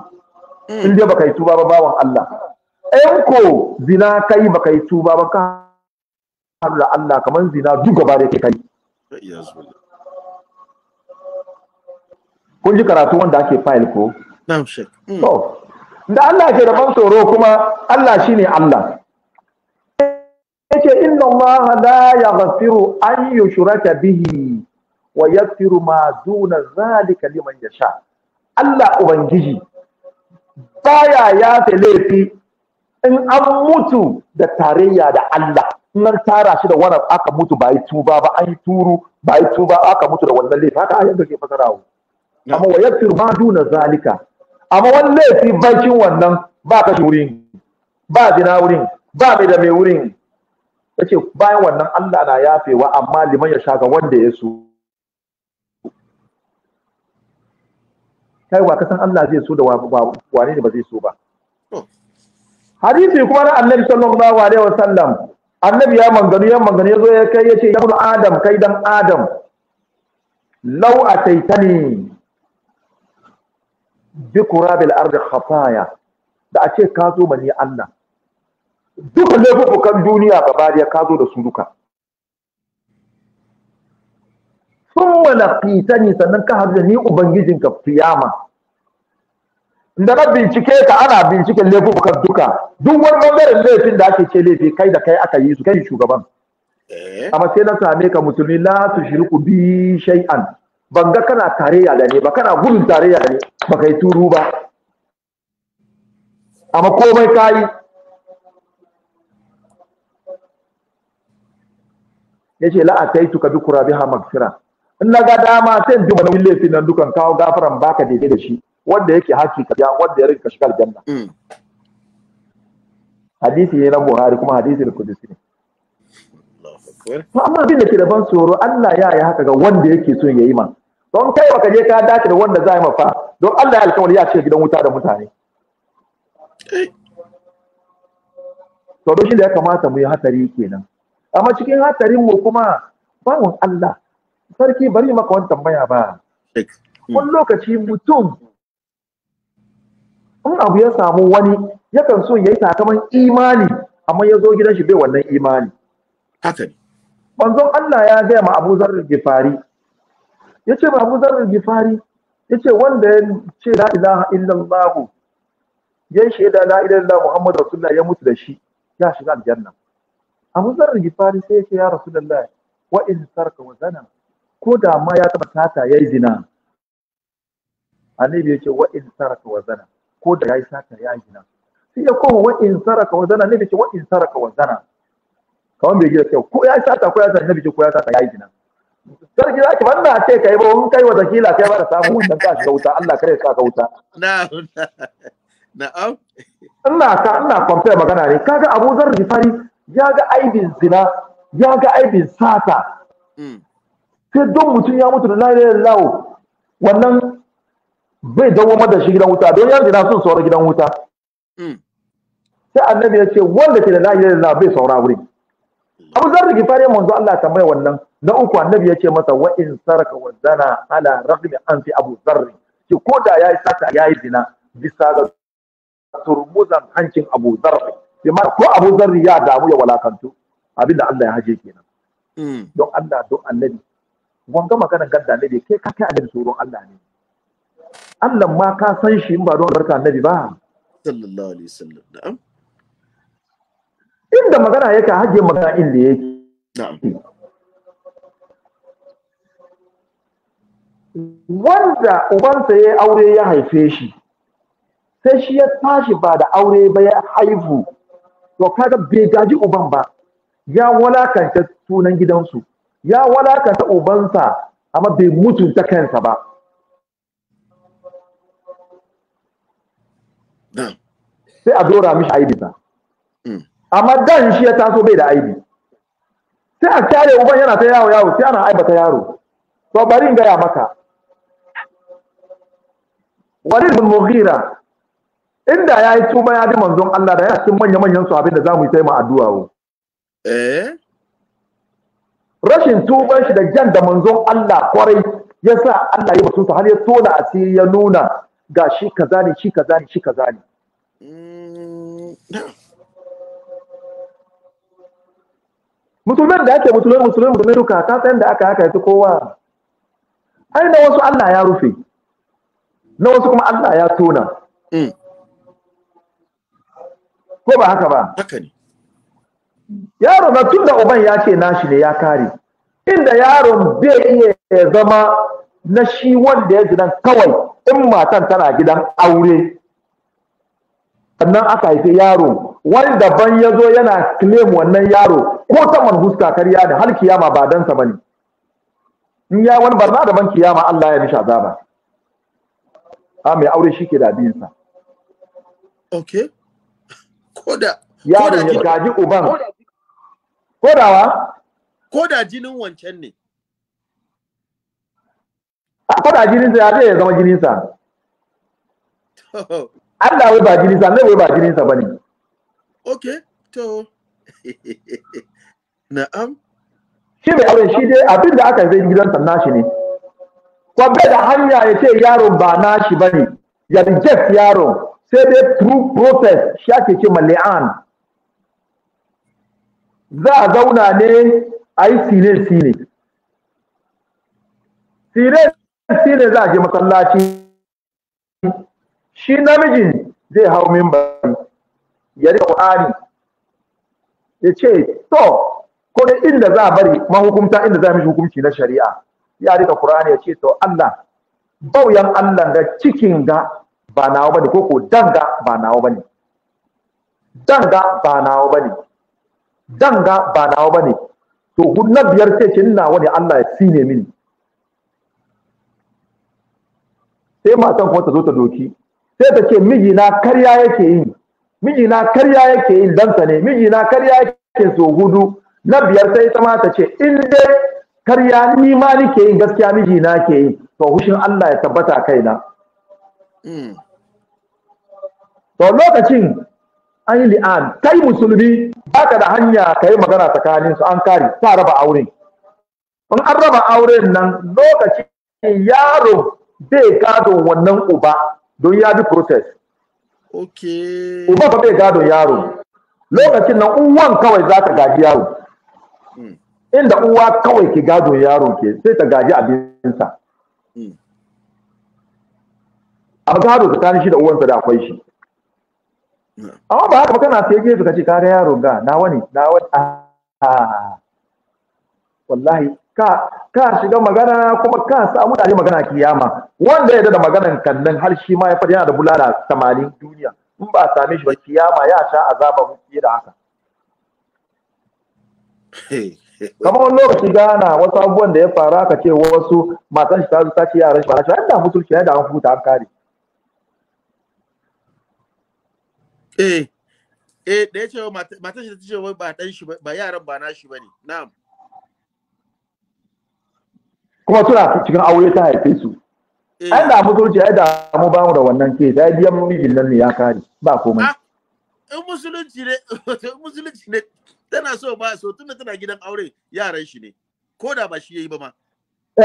mm. in dai baka yi tuba ba bawan Allah ɗan ko zina kai baka yi tuba ba ka har Allah kaman zina duk gaba da kai kun ji karatu wanda ake file ko na'am shek mm. to da Allah ke da ban tsoro kuma Allah shine Allah yace inna Allah la yaghfiru an yushraka bihi wa yaghfiru ma duna zalika liman yasha Allah ubangiji baya yafe laifi in an mutu da tarayya da Allah in an tara shi da wannan aka mutu ba yi tuba ba an yi turu ba yi tuba aka mutu da wannan laifi haka ayyuka ke fasarawa amma wa yaghfiru ma duna zalika amma wani laifi bakin wannan ba ka shi wurin ba zina wurin ba mai da mai wurin yace bayan wannan Allah na yafewa amma liman ya ga wanda ya so kai wa kasan Allah zai so da wane ne ba zai so ba hadisi kuma na annabi sallallahu alaihi wasallam annabi ya manganu ya manganu ya zo ya kai ya ce ya bin adam kai dan adam lau a taitani bi kurabil ardi khataya da a ce ka zo mani Allah duka laifukan duniya gaba da ka zo da su duka thumma laqitani sannan ka haɗu da ni ubangijinka kiyama da na bincike ka ana binciken laifukan duka duk wani bangaren laifin da ake ce laifi kai da kai aka yi su kai shugaban eh. amma sai na same ka musulmi la tushriku bi shay'an ban ga kana tarayya da ne ba kana gudun tarayya da ne ba kai turu ba amma komai kayi yace la ataituka bi qurabiha maghfira in na ga dama sai in ji nauyin laifin nan dukan kawo gafaran baka daidai da shi wanda yake haki ka biya wanda ya rinka shiga aljanna mm. hadisi ne na Buhari kuma hadisi da kudusi ne amma abin da ke da ban tsoro Allah ya yi haka ga wanda yake so ya yi ma don kai baka je ka dace da wanda za yi mafa don Allah ya alkawari ya ce gidan wuta da mutane to da ya kamata mu yi hatsari kenan amma cikin hatsarin mu kuma bawon Allah sarki bari maka wani tambaya ba hmm. wani lokaci mutum in abu ya samu wani yakan so ya yi takaman imani amma ya zo gidan shi bai wannan imani manzon Allah ya gaya ma Abu Zarr Gifari ya ce ma Abu Zarr Gifari ya ce wanda ya ce la ilaha illallah ya da la ilaha illallah Muhammad Rasulullah ya mutu da shi ya shiga aljanna Abu Zarr Gifari sai ya ce ya Rasulullah wa in sarka wa zanama ko da ma ya taba sata yayi zina annabi yace wa in saraka wa zana ko da yayi sata yayi zina sai ya koma wa in saraka wa zana annabi yace wa in saraka wa zana kawai bai gida kyau ko ya sata ko ya zana annabi yace ko ya sata yayi zina sarki zaki ban da ce kai ba in kai wa zakila kai ba da samu wannan ka shiga wuta Allah kare ka ka wuta na'am na'am ina ka ina compare magana ne kaga Abu Dharr Gifari ya ga aibin zina ya ga aibin sata mm. sai don mutum ya mutu da la lawo wannan bai dawo da shi gidan wuta don yanzu na sun saura gidan wuta hmm. sai annabi ya ce wanda ke da la lawo bai saura wuri Abu Zarri Gifari manzo Allah tambaya wannan na uku annabi ya ce masa wa in saraka wa zana ala raqmi an fi Abu Zarri ki ko da yayi sata yayi zina bisa ga turmuzan hancin Abu Zarri ma ko Abu Zarri ya damu ya walakantu abinda Allah ya haje kenan hmm. don Allah don annabi gwanga maganar gadda ne kai ka kai annabi tsoron Allah ne Allah ma ka san shi in ba don barka annabi ba sallallahu alaihi wasallam na'am inda magana yake haje magana inda yake na'am wanda ubansa ya aure ya haife shi sai shi ya tashi ba da aure ba ya haifu to kaga bai gaji uban ba ya kanta sunan gidansu ya walakanta ubansa amma bai mutunta kansa ba sai a dora mishi ba, hmm. amma dan shi ya taso bai da aibi sai a kare uban yana ta yawo yawo sai ana aibata yaro to bari in gaya maka walid bin mughira inda ya yi tuma ya ji manzon Allah da yana cikin manya manyan su abin da zamu yi taimaka addu'a addu'a eh rashin tuban shi da jan da manzon Allah kwarai ya sa Allah ya basu har ya tona asiri ya nuna ga shi kaza ne shi kaza ne shi kaza ne musulmai da ake musulmai musulmai musulmai duka ta tsayin da aka haka yafi kowa ai na wasu Allah ya rufe na wasu kuma Allah ya tona mm. ko ba haka ba haka ne yaro na tun da uban ya ce nashi ne ya kare inda yaron bai iya zama na shi wanda ya zinan kawai in matan tana gidan aure sannan aka haifi yaro wani daban ya zo yana claim wannan yaro ko ta huska karya da har kiyama ba dansa ba ne in ya wani barna daban kiyama Allah ya nisha azaba a mai aure shi ke da abinsa okay ko da yaron ya gaji uban kodawa ko da jinin wancan ne koda jinin sa zai ya zama jinin sa Allah wai ba jinin sa ne wai ba jinin sa bane okay to (laughs) na'am shi mai aure shi dai abin da aka zai gidan sannan shi ne kwabe da hanya ya ce yaron ba nashi bane ya reject yaron sai dai through process shi ake ce mali'an za a zauna ne a yi sine sine sine sine za a je masallaci shi namijin zai hau mimbari ya rika ƙwari ya ce to ko inda za a bari mahukumta inda za a mishi hukunci na shari'a ya rika ƙur'ani ya ce to Allah bauyan Allah ga cikin ga ba nawa ne ko ko danga ba nawa bane danga ba nawa ne. danga ba nawa ba ne to na biyar ce ce nawa ne Allah ya sine mini sai matan kuma ta zo ta doki sai ta ce mijina karya yake yi mijina karya yake yi ta ne mijina karya yake so hudu na biyar sai ta ma ta ce in dai karya ni ma nake yin gaskiya mijina ke yi to hushin Allah ya tabbata kaina hmm. to lokacin an yi li'an kai musulmi baka da hanya ka yi magana tsakanin su an kare ta raba aure in an raba auren nan lokaci yaro bai gadon wannan uba don ya bi process okay uba ba bai gadon yaro lokacin nan uwan kawai za ka gaji yaro hmm. inda uwa kawai ke gadon yaro ke sai ta gaji abinsa hmm. a gado tsakanin shi da uwansa da akwai shi amma ba haka kana sai gefe ka ce ka ga yaro ga wani na wani a ah, wallahi ka ka shiga magana kuma ka samu mutane magana kiyama wanda ya da maganan kallon har shi ma ya fadi yana da bulala samanin duniya in ba same shi ba kiyama ya sha azaba fiye da haka (laughs) kamar wani lokaci gana wasu abubuwan da ya faru aka ce wasu matan shi ta zuta ce yaran shi ba ta ce ai da musulci da an futa an kare eh eh da ya ce matan shi ta ce wai ba dan shi ba yaran ba nashi bane na'am kuma suna cikin aure ta haife su eh. ai da mu zuciya ai da mu ba mu da wannan ke da biyan mijin nan ne ya kare ba komai ah, in musulunci ne (laughs) musulunci ne tana so ba so tunda tana gidan aure yaran shi ne ko da ba shi ya yi ba ma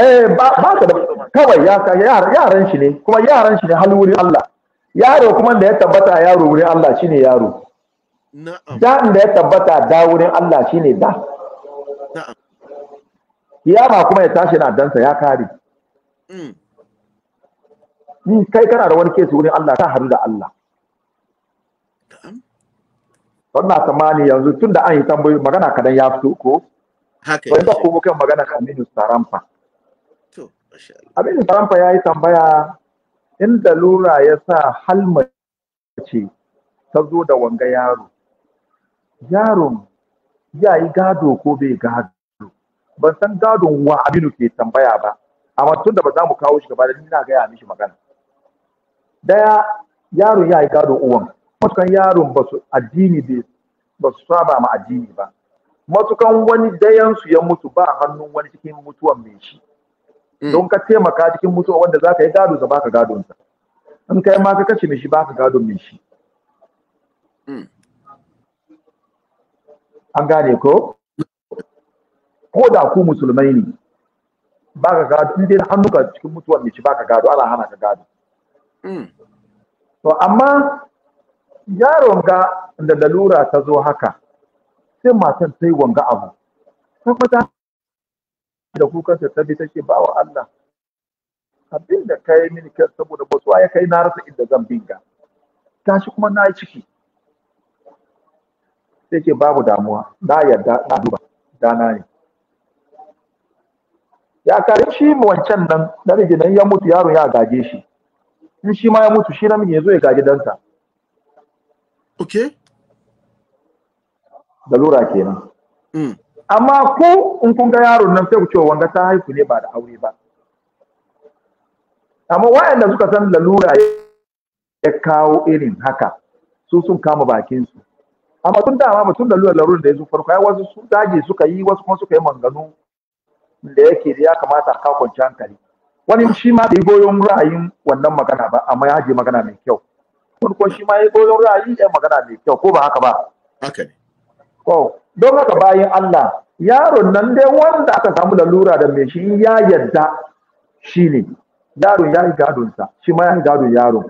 eh ba ta da kawai ya yaran shi ne kuma yaran shi ne wurin Allah yaro kuma da ya tabbata yaro wurin Allah shine yaro da da ya tabbata da wurin Allah shine da kiyama kuma ya tashi na dansa ya kare mm. ni kai kana da wani kesu wurin Allah ka haru da Allah wannan tsammani yanzu tun da an yi tambayi magana kadan ya fito ko haka wanda ko kuma magana Aminu Sarampa to masha Allah yi Sarampa yayi tambaya in lura ya sa halmace ta zo da wanga yaro yaron ya yi gado ko bai gado ban san gadon wa Aminu ke tambaya ba amma tun da ba za mu kawo shi gaba da ni na gaya mishi magana daya yaron ya yi gado uwan matukan yaron ba su addini ba su saba ma addini ba matukan wani dayansu ya mutu ba hannun wani cikin mutuwan mai shi Mm. don ka taimaka cikin mutuwa wanda za ka yi gado sa baka gadon sa in kai ma ka kashe mai shi baka gadon mai shi mm. an gane ko ko da ku musulmai ne baka gado in dai hannuka cikin mutuwa mai shi baka gado ana hana ka gado mm. to amma yaron ga da lalura ta zo haka sai matan sai wanga abu ta fata da kukansa ta bi ke ba wa Allah abin da ka yi mini kyau saboda ba ya kai na rasa inda zan binga tashi kuma na yi ciki sai ke babu damuwa na yarda na duba na ne ya kare shi wancan nan namiji nan ya mutu yaro ya gaje shi in shi ma ya mutu shi namiji ya zo ya gaje dansa okay da lura kenan mm. amma ko in kun ga yaron nan sai ku ce wanga ta haihu ne ba da aure ba amma wayanda suka san lalura ya kawo irin haka su sun kama bakin su amma tun dama tun lalura lalura da ya zo farko ya wasu su daji suka yi wasu kuma suka yi manganu da yake da ya kamata a kwanci hankali wani shi ma bai goyon ra'ayin wannan magana ba amma ya je magana mai kyau wani kuma shi ma ya goyon ra'ayi ya magana mai kyau ko ba haka ba haka ne don haka bayan Allah yaron nan dai wanda aka samu lalura da mai shi ya yadda shi ne yaron ya yi gadonsa shi ma ya yi gadon yaron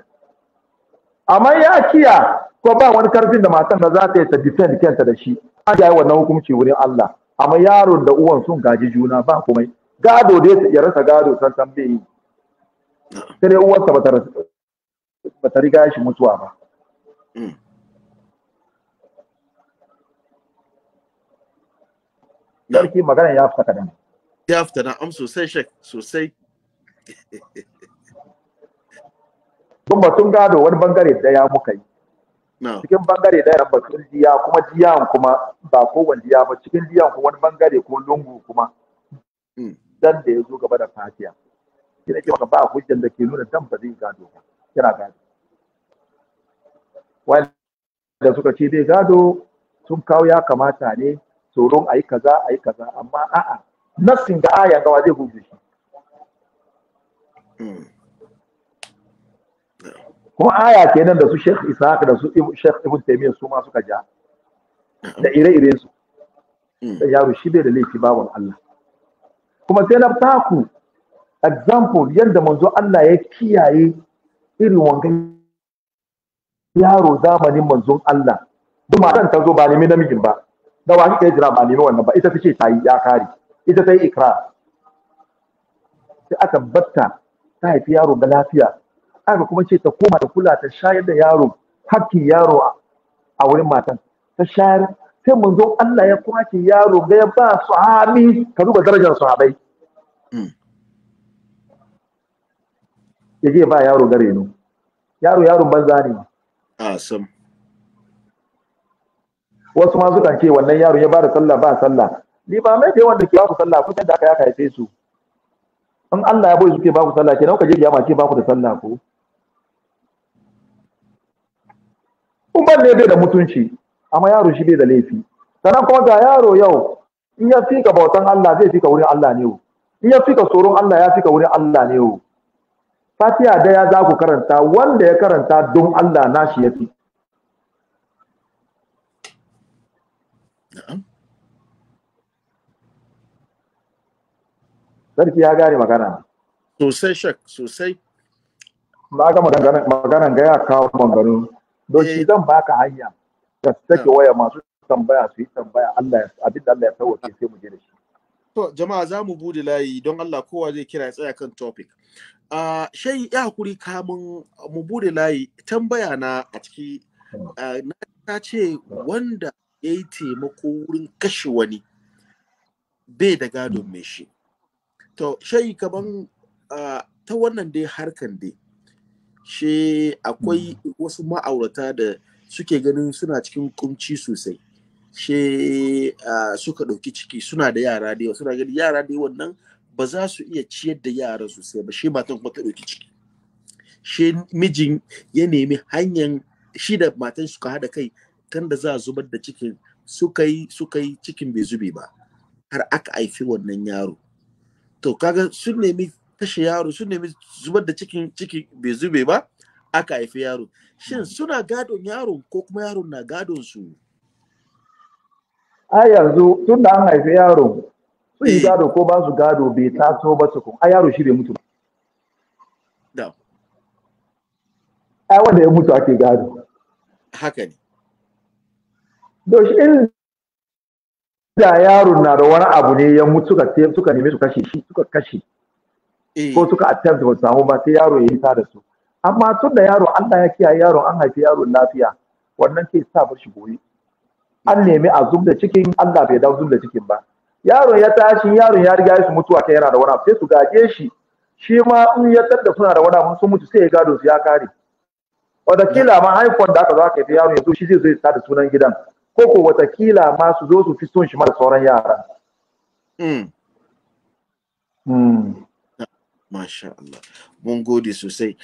amma ya kiya ko ba wani karfin da matan da za ta yi ta defend kenta da shi an yi wannan hukunci wurin Allah amma yaron da uwan sun gaji juna ba komai gado dai ya rasa gado san san bai yi sai dai uwarsa ba ta riga shi mutuwa ba mm. sarki magana ya fita kadan ya fita na am sosai shek sosai don batun gado wani bangare daya muka yi cikin bangare daya batun jiya kuma diyan kuma ba kowane jiya ba cikin diyan kuma wani bangare ko lungu kuma hmm. dan da ya zo gaba da fatiya shi ke maka ba hujjan da ke nuna dan ba zai gado ba kira gado wanda suka ce dai gado sun kawo ya kamata ne tsoron a yi kaza a yi kaza amma a'a nassin da aya gawa zai hujje shi hmm. kuma aya kenan da su shekh Ishaq da su Sheikh Ibn Taymiyyah su ma suka ja mm-hmm. da ire-iren su hmm. da yaro shi bai da laifi bawan Allah kuma sai na taku example yadda manzo Allah ya kiyaye irin wangan yaro zamanin manzon Allah Duma zan ta zo ba nemi namijin ba da wa kike jira ba nemi wannan ba ita take tayi ya kare ita ta ikra sai aka batta ta haifi yaro da lafiya aka kuma ce ta koma ta kula ta shayar da yaro hakkin yaro a wurin matan ta shayar sai mun zo Allah ya kwace yaro ga ya ba sahabi ka duba darajar sahabai hmm. ya ba yaro gare ni. yaro yaro banza ne awesome ah, wasu ma sukan ce wannan yaro ya bada sallah ba sallah limamai da yawan da ke ba ku sallah kusan da aka ya haife su in Allah ya bai su ke ba ku sallah kenan ka je kiyama ce ba ku da sallah ko Umar ne bai da mutunci amma yaro shi bai da laifi sannan kuma ga yaro yau in ya fika bautan Allah zai fika wurin Allah ne in ya fika tsoron Allah ya fika wurin Allah ne fatiha ya za ku karanta wanda ya karanta don Allah nashi ya fi sarki ya gane magana sosai shak sosai ba ga magana ga ya kawo maganganu doki eh. zan baka hanya ka take ah. waya masu tambaya su yi tambaya Allah abin da Allah ya sauke sai mu je da shi to jama'a za mu bude layi don Allah kowa zai kira ya tsaya kan topic Uh, shai ya hakuri kamun mu bude layi tambaya na a ciki hmm. ah, na ce wanda ya yi taimako wurin kashe wani bai da gadon hmm. mai shi to shai kaman ta wannan dai harkan dai shi akwai wasu ma'aurata da suke ganin suna cikin kunci sosai shi suka ɗauki ciki suna da yara da yawa suna ganin yara da yawan nan ba za su iya ciyar da yara sosai ba shi matan kuma ta ɗauki ciki Shi mijin ya nemi hanyar shi da matan suka haɗa kai kan da za a zubar da cikin suka yi cikin bai zube ba har aka haifi wannan yaro to kaga sun nemi kashe yaro sun nemi zubar da cikin ciki bai zube ba aka haifi yaro shin hmm. suna gadon yaron ko kuma yaron na gadon su a yanzu tun da an haifi yaron sun yi eh. gado ko ba su gado bai taso ba su a yaro shi bai mutu ba ai wanda ya mutu ake gado haka ne Doshi in da yaron na da wani abu ne ya mutu suka suka neme su kashe shi suka kashe eh. ko suka attempt ba samu ba sai yaro ya yi ta da su amma tun da yaro Allah ya kiyaye yaron an haifi yaron lafiya wannan ke sa bar shi goyi an nemi a zubda da cikin Allah bai dawo zubda da cikin ba yaron ya tashi yaron ya riga su mutuwa kai yana da wani abu sai su gaje shi shi ma in ya tadda suna da wani abu sun mutu sai ya gado su ya kare wadakila ma haifon da aka zo aka yi yaro ya zo shi zai zo ya da sunan gidan ko watakila ma su zo su fi son shi mara sauran yara hmm. Hmm. Masha Allah. Mun gode sosai.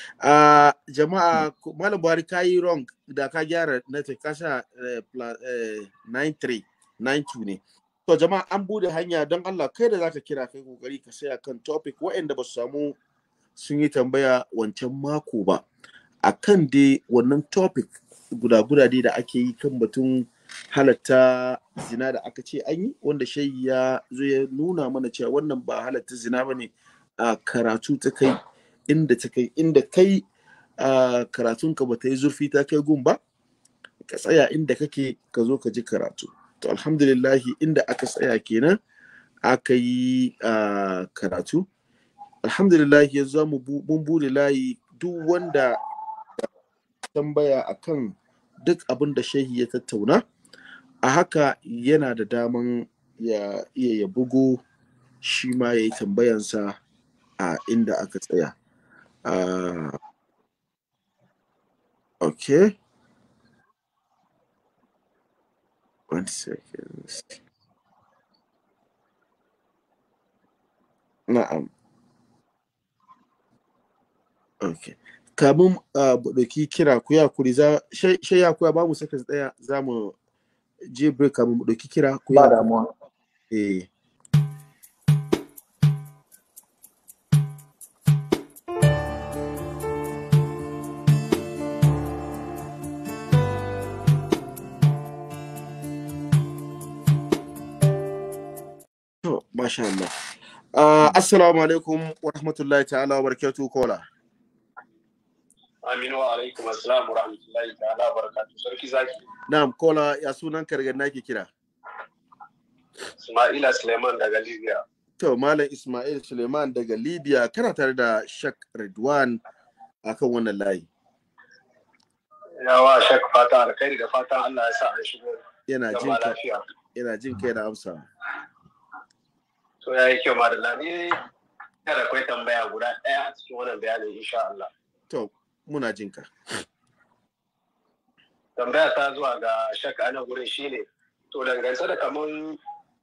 jama'a, Malam Buhari ta yi wrong da ka gyara na ta kasa 93, ne. To jama'a an bude hanya don Allah kai da za ka kira kai kokari ka saya kan topic waɗanda ba su samu sun yi tambaya wancan mako ba. A kan dai wannan topic guda-guda dai da ake yi kan batun halatta zina da aka ce an yi wanda shayi ya zo ya nuna mana cewa wannan ba halatta zina ba ne a karatu ta kai inda ta kai inda kai a karatunka ba ta yi zurfi ta kai gun ba ka tsaya inda kake ka zo ka ji karatu to alhamdulillahi inda aka tsaya kenan aka yi karatu alhamdulillahi yanzu za mu bude layi duk wanda tambaya akan duk abin da shehi ya tattauna a haka yana da daman ya iya ya bugo shi ma ya yi tambayansa a inda aka tsaya uh, okay one second na'am kamun uh, ah, kira ku ya kuri shai ya kuya ba mu sakas ɗaya za mu je break kamun mu ɗauki kira ku ya damuwa eh Masha Allah. Uh, assalamu alaikum wa rahmatullahi ta'ala wa barakatuhu kola. Aminu wa alaikum assalam wa rahmatullahi ta'ala barakatuh. Sarki zaki. Na'am, kola ya sunan karge na nake kira. Ismaila Suleiman daga Libya. To, Malam Ismail Suleiman daga Libya kana tare da Shak Redwan akan wannan layi. Yawa Shak fata alkhairi da fatan Allah ya sa a shigo. Yana jin ka. Yana jin kai da amsa. To yi kyau madalla ni kada akwai tambaya guda ɗaya cikin wannan bayanin insha Allah. To, muna jin ka tambaya ta zuwa ga shakka ana gurin ne, to dangantar da kaman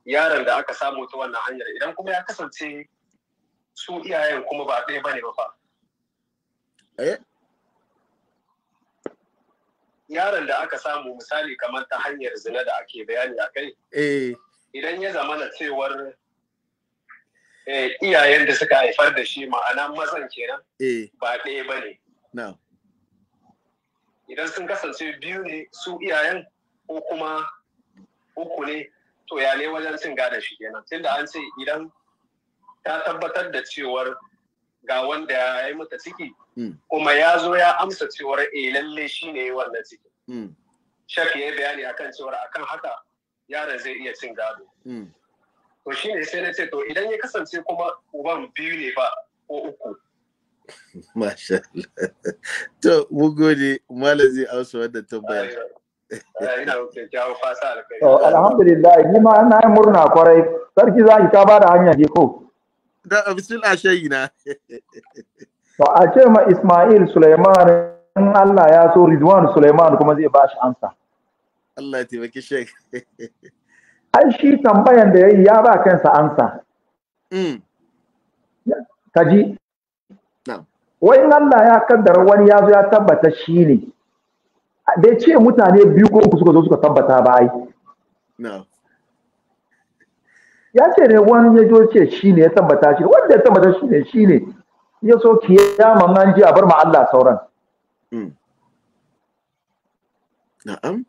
yaron da aka samu ta wannan hanyar idan kuma ya kasance su iyayen kuma ba ɗaya bane ba fa eh? yaron da aka samu misali kamar ta hanyar zina da ake bayani a kai eh. idan ya zama na cewar eh, iyayen da suka haifar da shi ma'ana mazan kenan ba ɗaya ba ne idan sun kasance biyu ne su iyayen ko kuma uku ne to ya ne wajen cin gada shi kenan tunda an ce idan ta tabbatar da cewar ga wanda ya yi mata ciki hmm. kuma ya zo ya amsa cewar e lalle shi ne wannan ciki hmm. shak ya bayani akan cewar akan haka yaron zai iya cin gado hmm. to shine sai na ce to idan ya kasance kuma uban biyu ne fa ko uku (laughs) Masha Allah. (laughs) zai amsa wannan tambaya. Eh, alhamdulillah, ni ma ana yin murna kwarai, sarki za ki ka ba da hanya ne ko? Da abisul ashayi na. (laughs) To, a ce ma Ismail Suleiman in Allah ya so Ridwan Suleiman kuma zai ba shi ansa. Allah ya taimaki shek. Ai shi tambayan da ya yi ya ba kansa ansa. Mm. Ka ji, wai Allah ya kaddara wani ya zo ya tabbata shi ne bai ce mutane biyu ko uku suka zo suka tabbata ba ai ya ce ne wani ya zo ce shi ne ya tabbata shi wanda ya tabbata shi ne shi ne ya so kiyama mamman ji a bar ma Allah sauran hmm. na'am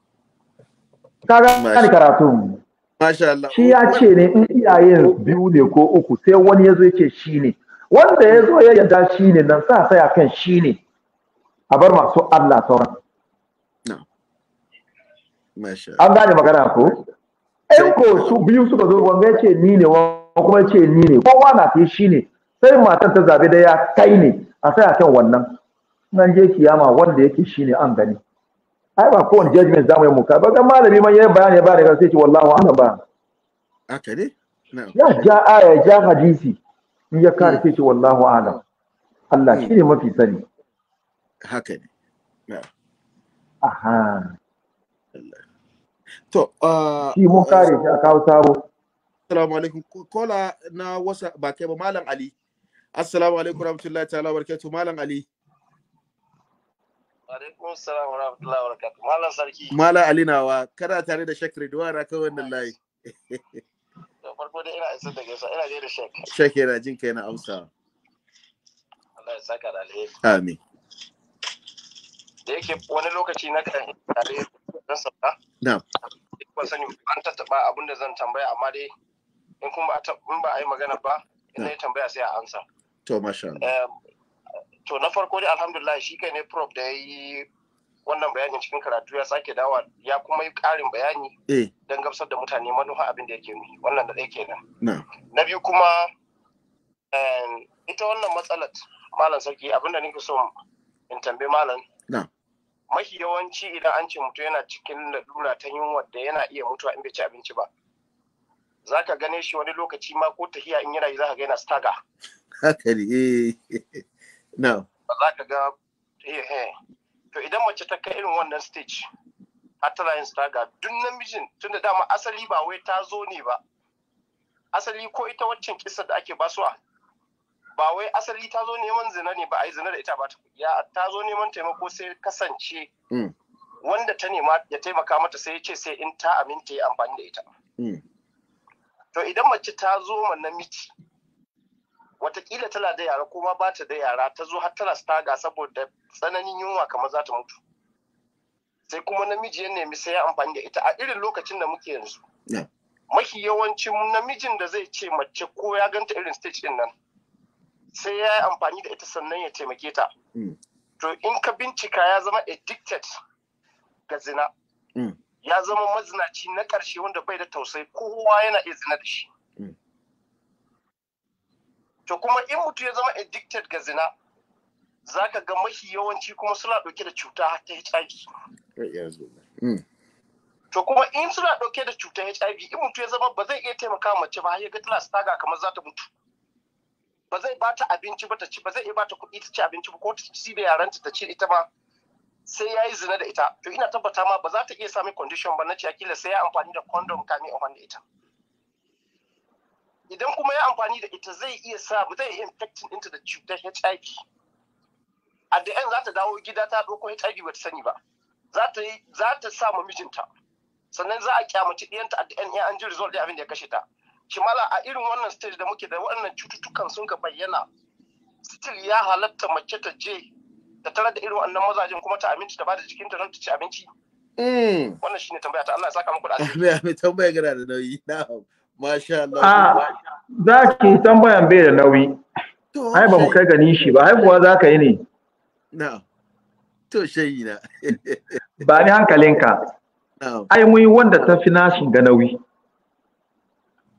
ka ni karatu Masha Allah. Shi ya ce ne in iyayen biyu ne ko uku sai wani ya zo ya ce shi ne. wanda ya zo ya yarda shi ne nan sa saya kan shi ne a bar masu Allah sauran an gane magana ko in ko su biyu suka zo wanga ya ce ni ne kuma ya ce ni ne kowa na fi shi ne sai matan ta zabe da ya kai ne a saya kan wannan nan je kiyama wanda yake shi ne an gani ai ba kowane judgment zamu yi muka ba ga malami man yayin bayani ba da sai ce wallahi ana ba haka ne ya ja aya ja hadisi in ya kare sai ce wallahu alam Allah shi ne mafi sani haka ne aha to uh, shi mun kare shi a kawo sabo assalamu alaikum kola na wasa ba kai ba malam ali assalamu alaikum rahmatullahi ta'ala barkatu malam ali wa barakatuh malam sarki malam ali nawa kana tare da shakri duwara kan wannan layi (laughs) farko dai ina isar da gaisa ina gaida shek shek yana jin kai na amsa Allah ya saka da alheri amin da yake wani lokaci na kan tare da sauka na ban sani an tattaba abin da zan tambaya amma dai in kun ba in ba a yi magana ba in yi tambaya sai a amsa. to masha Allah to na farko dai alhamdulillah shi kai ne prof da ya yi wannan bayanin cikin karatu ya sake dawa ya kuma yi ƙarin bayani eh. don gamsar da mutane manufa abin da yake nuni wannan da ɗaya kenan na biyu kuma ita wannan matsalar malam sarki abin da nake so in tambayi malam mafi yawanci idan an ce mutum yana cikin lalura ta yunwa da yana iya mutuwa in bai ci abinci ba za ka gane shi wani lokaci ma ko tahiya in yana yi za ka ga yana staga haka ne (laughs) no ba za ka ga eh, eh. to idan mace ta kai irin wannan stage har tana yin staga duk namijin tunda dama asali ba wai ta zo ne ba asali ko ita waccan kisa da ake basuwa ba wai asali ta zo neman zina ne ba a yi zina da ita ba ya ta zo neman taimako sai kasance mm. wanda ta nema ya taimaka mata sai ya ce sai in ta aminta ya amfani da ita mm. to idan mace ta zo ma namiji watakila tana da yara ko ma bata da yara ta zo har tana staga saboda tsananin yunwa kamar za ta mutu sai kuma namiji ya nemi sai ya amfani da ita a irin lokacin da muke yanzu mafi yawancin namijin da zai ce mace ko ya ganta irin stage din nan sai ya yi amfani da ita sannan ya taimake ta mm. to in ka bincika ya zama addicted ga zina mm. ya zama mazinaci na ƙarshe wanda bai da tausayi kowa yana iya zina da shi to kuma in mutum ya zama addicted ga zina za ka ga mafi yawanci kuma suna ɗauke da cuta ta HIV hmm. to kuma in suna ɗauke da cutar HIV in mutum ya zama ba zai iya taimaka mace ba ya ga tana staga kamar za ta mutu ba zai ba ta abinci ba ta ci ba zai iya ba ta kuɗi ta ci abinci ba ko ta ci da yaranta ta ci ita ba. sai ya yi zina da ita to ina tabbata ma ba za ta iya sami condition ba na ciyakila akila sai ya amfani da condom kami amfani da ita. idan kuma ya amfani da ita zai iya sa zai infecting into da cutar HIV a da yan za ta dawo gida ta ɗauko HIV ba ta sani ba za ta yi sa ma mijinta sannan za a kyamaci ɗiyanta a da yan an ji result abin da ya kashe ta kimala a irin wannan stage da muke da waɗannan cututtukan sun ka bayyana still ya halatta mace ta je ta tare da irin wannan mazajen kuma ta aminci ta bada jikinta don ta ci abinci mm. wannan shine tambaya ta Allah ya saka muku da asiri tambaya gara da nauyi Na hau. Masha Allah. Za ki tambayan bai da nauyi. Ai ba mu kai gani shi ba, haifuwa za ka yi ne. Na. To shayi na. (laughs) Ba ni hankalinka. Ai mun yi wanda ta fi nashin ga nauyi.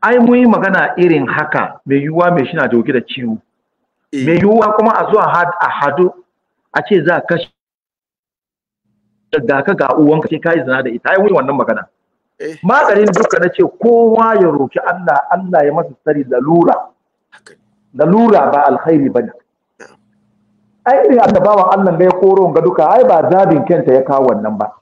Ai mun yi magana irin haka mai yiwuwa mai shi na dauke da ciwo. Eh. Mai yiwuwa kuma a zuwa a hadu a ce za ka ga ka ga uwanka sai ka yi zina da ita. Ai mun yi wannan magana. Eh. maganin duka na ce kowa ya roki Allah Allah ya masa tsari lalura lalura ba alkhairi ba ne ai irin annabawan Allah ga ya koro ga duka ai ba zabin kenta ya kawo wannan ba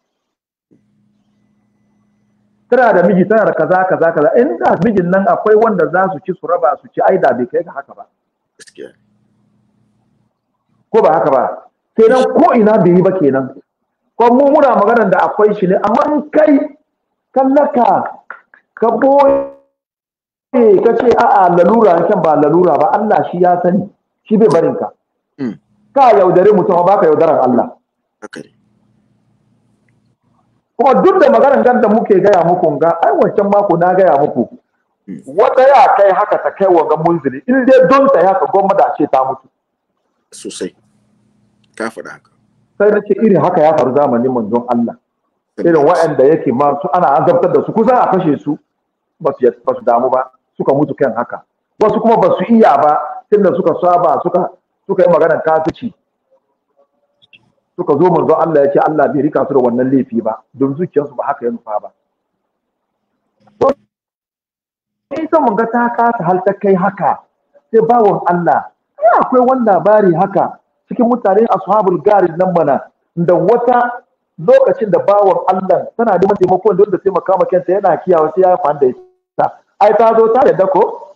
tana da miji tana da kaza kaza kaza in da mijin nan akwai wanda za su ci su raba su ci ai da bai kai ga haka ba ko ba haka ba sai nan ko ina bai yi ba kenan ko mu muna maganar da akwai shi ne amma kai kallaka ka boye ka ce a'a lalura kan ba lalura ba Allah shi ya sani shi bai barin ka hmm. ka yaudare mutum ba ka yaudaran Allah kuma duk da maganar gan da muke gaya muku ga ai wancan mako na gaya muku hmm. wata ya kai haka ta kai wa ga munzili in dai don ta ka goma da ce ta mutu sosai ka faɗa haka sai na irin haka ya faru zamanin manzon Allah irin waɗanda yake masu ana azabtar da su kusa a kashe su ba su damu ba suka mutu kan haka wasu kuma ba su iya ba tunda suka saba suka suka yi maganar kafici suka zo manzo Allah ya ce Allah bai rika su da wannan laifi ba don zuciyarsu ba haka ya nufa ba ita mun ga ta kasa hal ta kai haka sai bawon Allah Ya akwai wani labari haka cikin mutane ashabul gari nan mana da wata lokacin da bawan Allah tana neman taimakon da wanda taimaka makama kanta yana kiyawa sai ya yi da ita ai ta zo ta yadda ko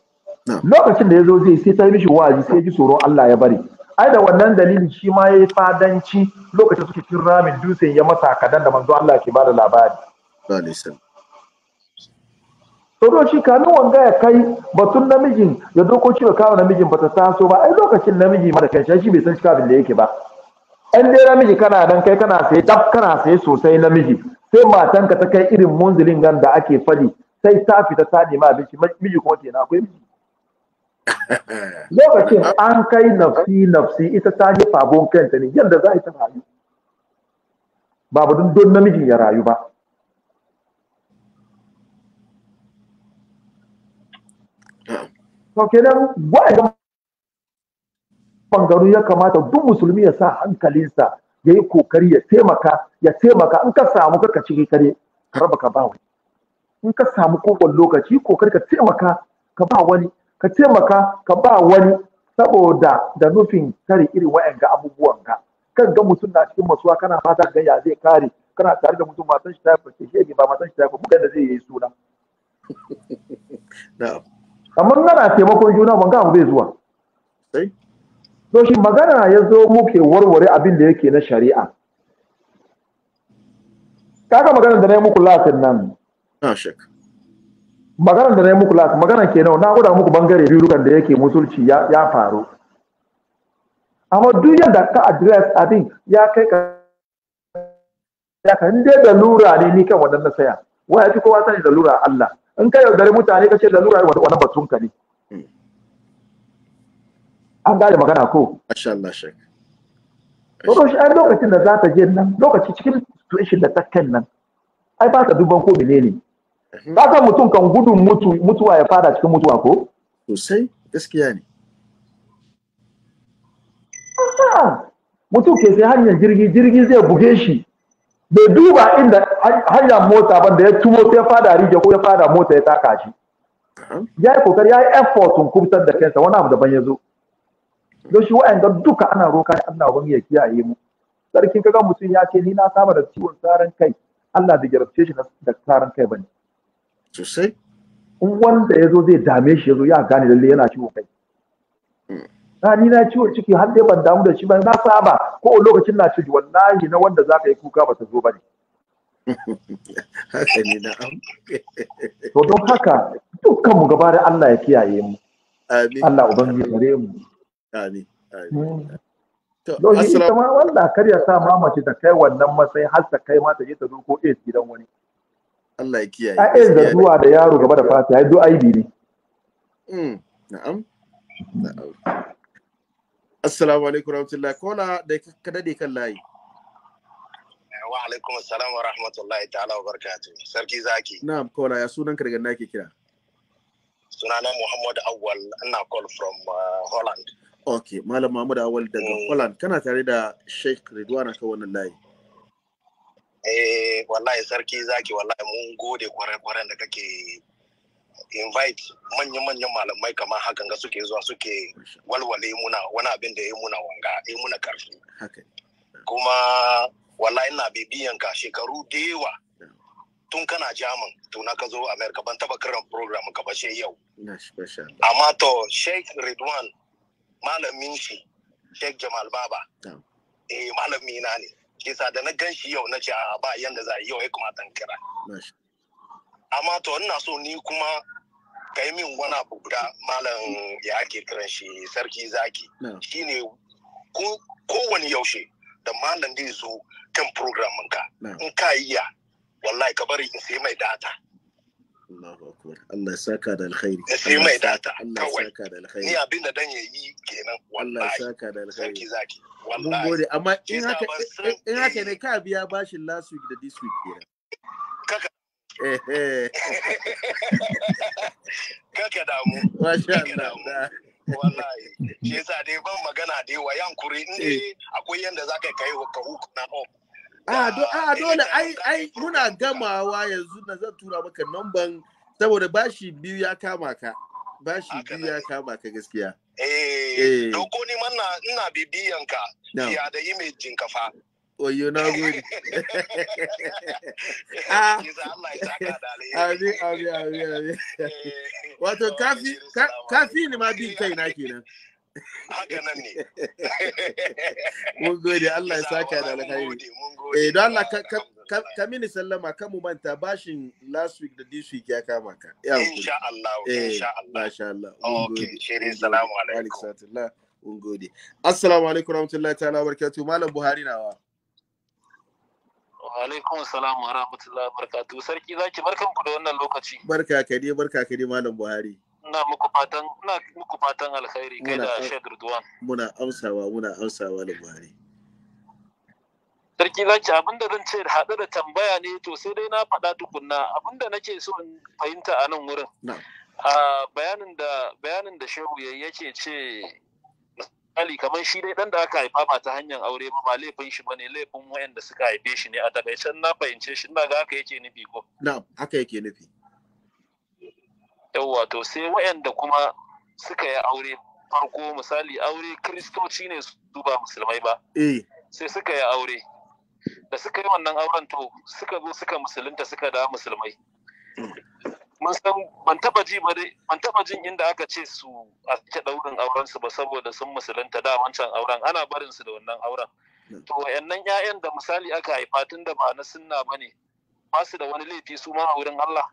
lokacin da ya zo zai sai ta yi mishi wa'azi sai ji tsoron Allah ya bari ai da wannan dalili shi ma yi fadanci lokacin suke cin ramin dutsen ya masa kadan da manzo Allah ke bada labari to shi kamin wanga ya kai batun namijin ya dokoki ba kawo namijin ba ta taso ba ai lokacin namiji mara kanshi shi bai san shi abin da yake ba in dai namiji kana nan kai kana sai dab kana sai sosai namiji sai matanka ta kai irin munzilin gan da ake fadi sai ta fita ta nema abinci miji kuma na akwai miji (laughs) lokacin an kai nafsi nafsi ita ta je fabon kanta ne yadda za a yi ta rayu ba budin don namiji ya rayu ba to kenan wa'anda bangaru ya kamata duk musulmi ya sa hankalinsa ya yi kokari ya taimaka ya taimaka in ka samu ka ci kare ka raba ka ba wani in ka samu kogon lokaci kokari ka taimaka ka ba wani ka taimaka ka ba wani saboda da nufin kare irin ga abubuwan ka kan ga mutum na cikin masuwa kana fata ga ya zai kare kana tare da mutum matan shi ta yi shi ba matan shi ta yi bugan da zai yi suna (laughs) amma nana taimakon juna ban ga abu bai zuwa to shi magana ya zo muke warware abin da yake na shari'a Kaka magana da na yi muku latin nan ah, magana da na yi muku latin magana ke nau na guda muku bangare biyu da yake musulci ya faru amma duk yadda ka address abin ya kai ka ya kan dai da lura ne ni kan wannan na saya waya ci kowa sani da lura Allah in ka yaudare mutane ka ce da lura wannan batun ka ne hmm. an gane magana ko masha Allah shek ko shi a lokacin da za ta je nan lokaci cikin situation da takken nan ai ba ka duban ko menene ba mhm. ka mutum kan gudun mutuwa ya fara cikin mutuwa ko sai gaskiya ne mutum ke sai hanyar jirgi jirgi zai buge shi bai duba inda hanyar mota ban da ya tumo sai fada rige ko ya fada mota ya taka shi ya yi kokari ya yi effort kubutar da kansa wani abu daban ya zo don shi wa'annan duka ana roka ne Allah ubangi ya kiyaye mu sarkin kaga mutum ya ce ni na saba da ciwon tsarin kai Allah da gyarace shi da tsarin kai bane sosai in wanda ya zo zai dame shi ya zo ya gane lalle yana ciwon kai na hmm. ah, ni na ciwon ciki har dai ban damu da shi ba na saba ko lokacin na ciki wallahi na wanda zaka yi kuka ba ta zo bane (laughs) haka ne to don haka dukkan mu gaba da Allah ya kiyaye mu Allah ubangiji gare mu amin amin hmm. to assalamu alaikum wanda kar ya sa mamaci ta kai wannan matsayin har ta kai ma ta je ta zo ko AIDS gidan wani Allah ya kiyaye a AIDS da zuwa da yaro gaba da fata ya zo aibi ne mm na'am na'am assalamu alaikum warahmatullahi kola da ka dade kan layi wa alaikum assalam wa rahmatullahi ta'ala wa barakatuh sarki zaki na'am kola ya sunan ka daga nake kira sunana Muhammad Awal ina call from uh, Holland ok malam mahmud awal daga holland eh. kana tare da sheikh ridwana ka wannan layi eh wallahi sarki zaki wallahi mun gode kwarai-kwarai da kake invite manyan-manyan malamai kamar hakan ga suke zuwa suke walwale muna wani abin da ya muna wanga ya muna karfi kuma wallahi ina bibiyan ka shekaru da yawa tun kana jaman tuna ka zo america ban taba kiran program ka ba yau amma to sheikh ridwan malamin shi Sheikh Jamal Baba. Eh malami na ne. sa da na ganshi yau na ce a ba yanda za yau ya kamata in kira. Amma to ina so ni kuma kai min wani abu guda malam ya ake kiran shi sarki zaki. Shine kowane yaushe da malam zai zo kan program ka. In ka yi ya wallahi ka bari in sai mai data. Allahu akbar. Allah ya saka da alkhairi. Ya sai mai data alkhairi. Ni abin da dan yayi kenan wallahi. Allah ya saka da alkhairi. Zaki zaki. Wallahi. Mun gode amma in haka in haka ne eh. ka biya bashin last week da this week kenan. Kaka (laughs) Kaka damu. Masha Allah. Wallahi. Shi yasa dai ban magana dai wa yankuri in eh. dai akwai yanda zaka kai ka hukuna ko a ah, ah, dole ai ai muna gamawa yanzu na zan tura maka namban saboda bashi biyu ya kama ka bashi biyu ya kama ka gaskiya eh, eh. doko ni manna ina bibiyan ka ya da image din ka fa oyo na gode (laughs) ah. abi abi abi (laughs) eh, wato kafi kafi ne ma bi kai na kenan haka nan ne (laughs) mun gode Allah ya saka da alkhairi eh don Allah ka mini sallama kan mu manta bashin last week da this week ya kama ka insha Allah eh, insha Allah insha Allah okay shirin salamu alaikum mun gode assalamu alaikum warahmatullahi ta'ala barakatuh malam buhari nawa alaikum salam wa rahmatullahi barakatuh sarki zaki barkan ku da wannan lokaci barka ka dai barka ka dai malam buhari ina muku fatan ina muku fatan alkhairi kai da Sheikh Ridwan muna amsawa muna amsawa Buhari Sarki zaki abinda zan ce haɗe da tambaya ne to sai dai na faɗa tukunna abinda nake so in fahimta a nan wurin bayanin da bayanin da shehu ya yake ce misali kamar shi dai dan da aka haifa ba ta hanyar aure ba ba laifin shi bane laifin wayanda suka haife shi ne a takaicen na fahimce shi ina ga haka yake nufi ko na'am haka yake nufi yawwa to sai wayanda kuma suka yi aure farko misali aure kristoci ne su ba musulmai ba eh. sai suka yi aure da suka yi wannan auren to suka zo suka musulunta suka da musulmai hmm. mun san ban taba jin inda aka ce su a ta daurin auren su ba saboda sun musulunta da wancan auren ana barin su da wannan auren hmm. to wayannan 'ya'yan da misali aka haifa tun da ba na sunna bane ba su da wani laifi su ma a wurin Allah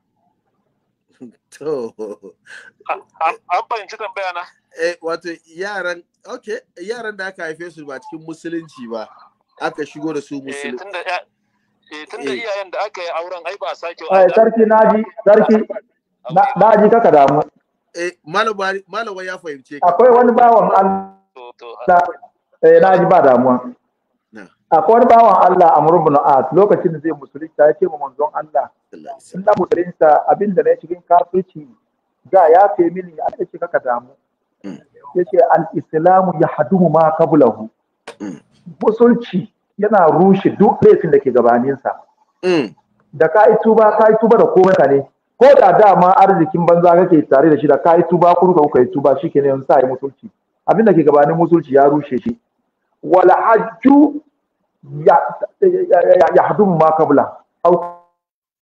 (laughs) To. An fahimci tambaya na? Eh, wato yaran, okay, yaran da aka haife su ba cikin musulunci ba, aka shigo da su eh, musulunci. tunda eh, eh. iyayen da aka yi auren ai ba a sake wa. Sarki naji, sarki, naji kaka damu. Eh, ya fahimce Akwai wani bawan Allah. Eh, naji ba damuwa. akwai bawan Allah a ibn As lokacin da zai musulunta ya ce wa manzon Allah in da musulunta abinda na cikin kafirci ga ya kai mini a ce ka damu mm. Ya yace al islamu mu ma qablahu mm. musulci yana rushe duk laifin da ke gabaninsa mm. da ka yi tuba ka yi tuba da komai ka ne ko da dama arzikin banza kake tare da shi da ka yi tuba kurka kuka yi tuba shi kenan sa yi musulci Abinda ke gabanin musulci ya rushe shi wal hajju ya hadu ma kabla au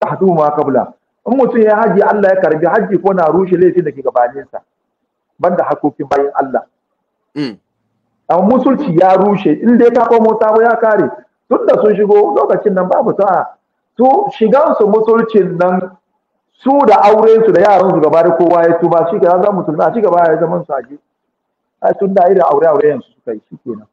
hadu ma kabla in mutum ya haji Allah ya karbi haji ko na rushe laifin da ke gabaninsa banda hakokin bayan Allah mm. amma musulci ya rushe in dai ka komo ta ya kare tun da sun shigo lokacin nan babu sa'a to su musulcin nan su da auren su da yaran su gaba da kowa ya tuba shi kenan za musulmi a ci gaba ya zaman su ai tun da irin aure aure yansu suka yi shikenan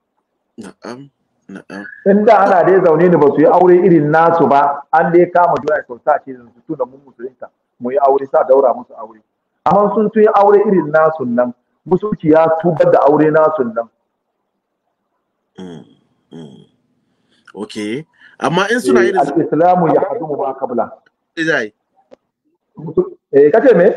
na'am in da ana dai zaune ne ba su yi aure irin nasu ba an dai kama juna kyauta ce da su tuna mun musulunta mu yi aure sa daura musu aure amma sun tun aure irin nasu nan musulci ya tubar da aure nasu nan mm, mm. ok amma in suna yi eh, da su. islamu ya hadu mu ba kabla izai eh, eh kace me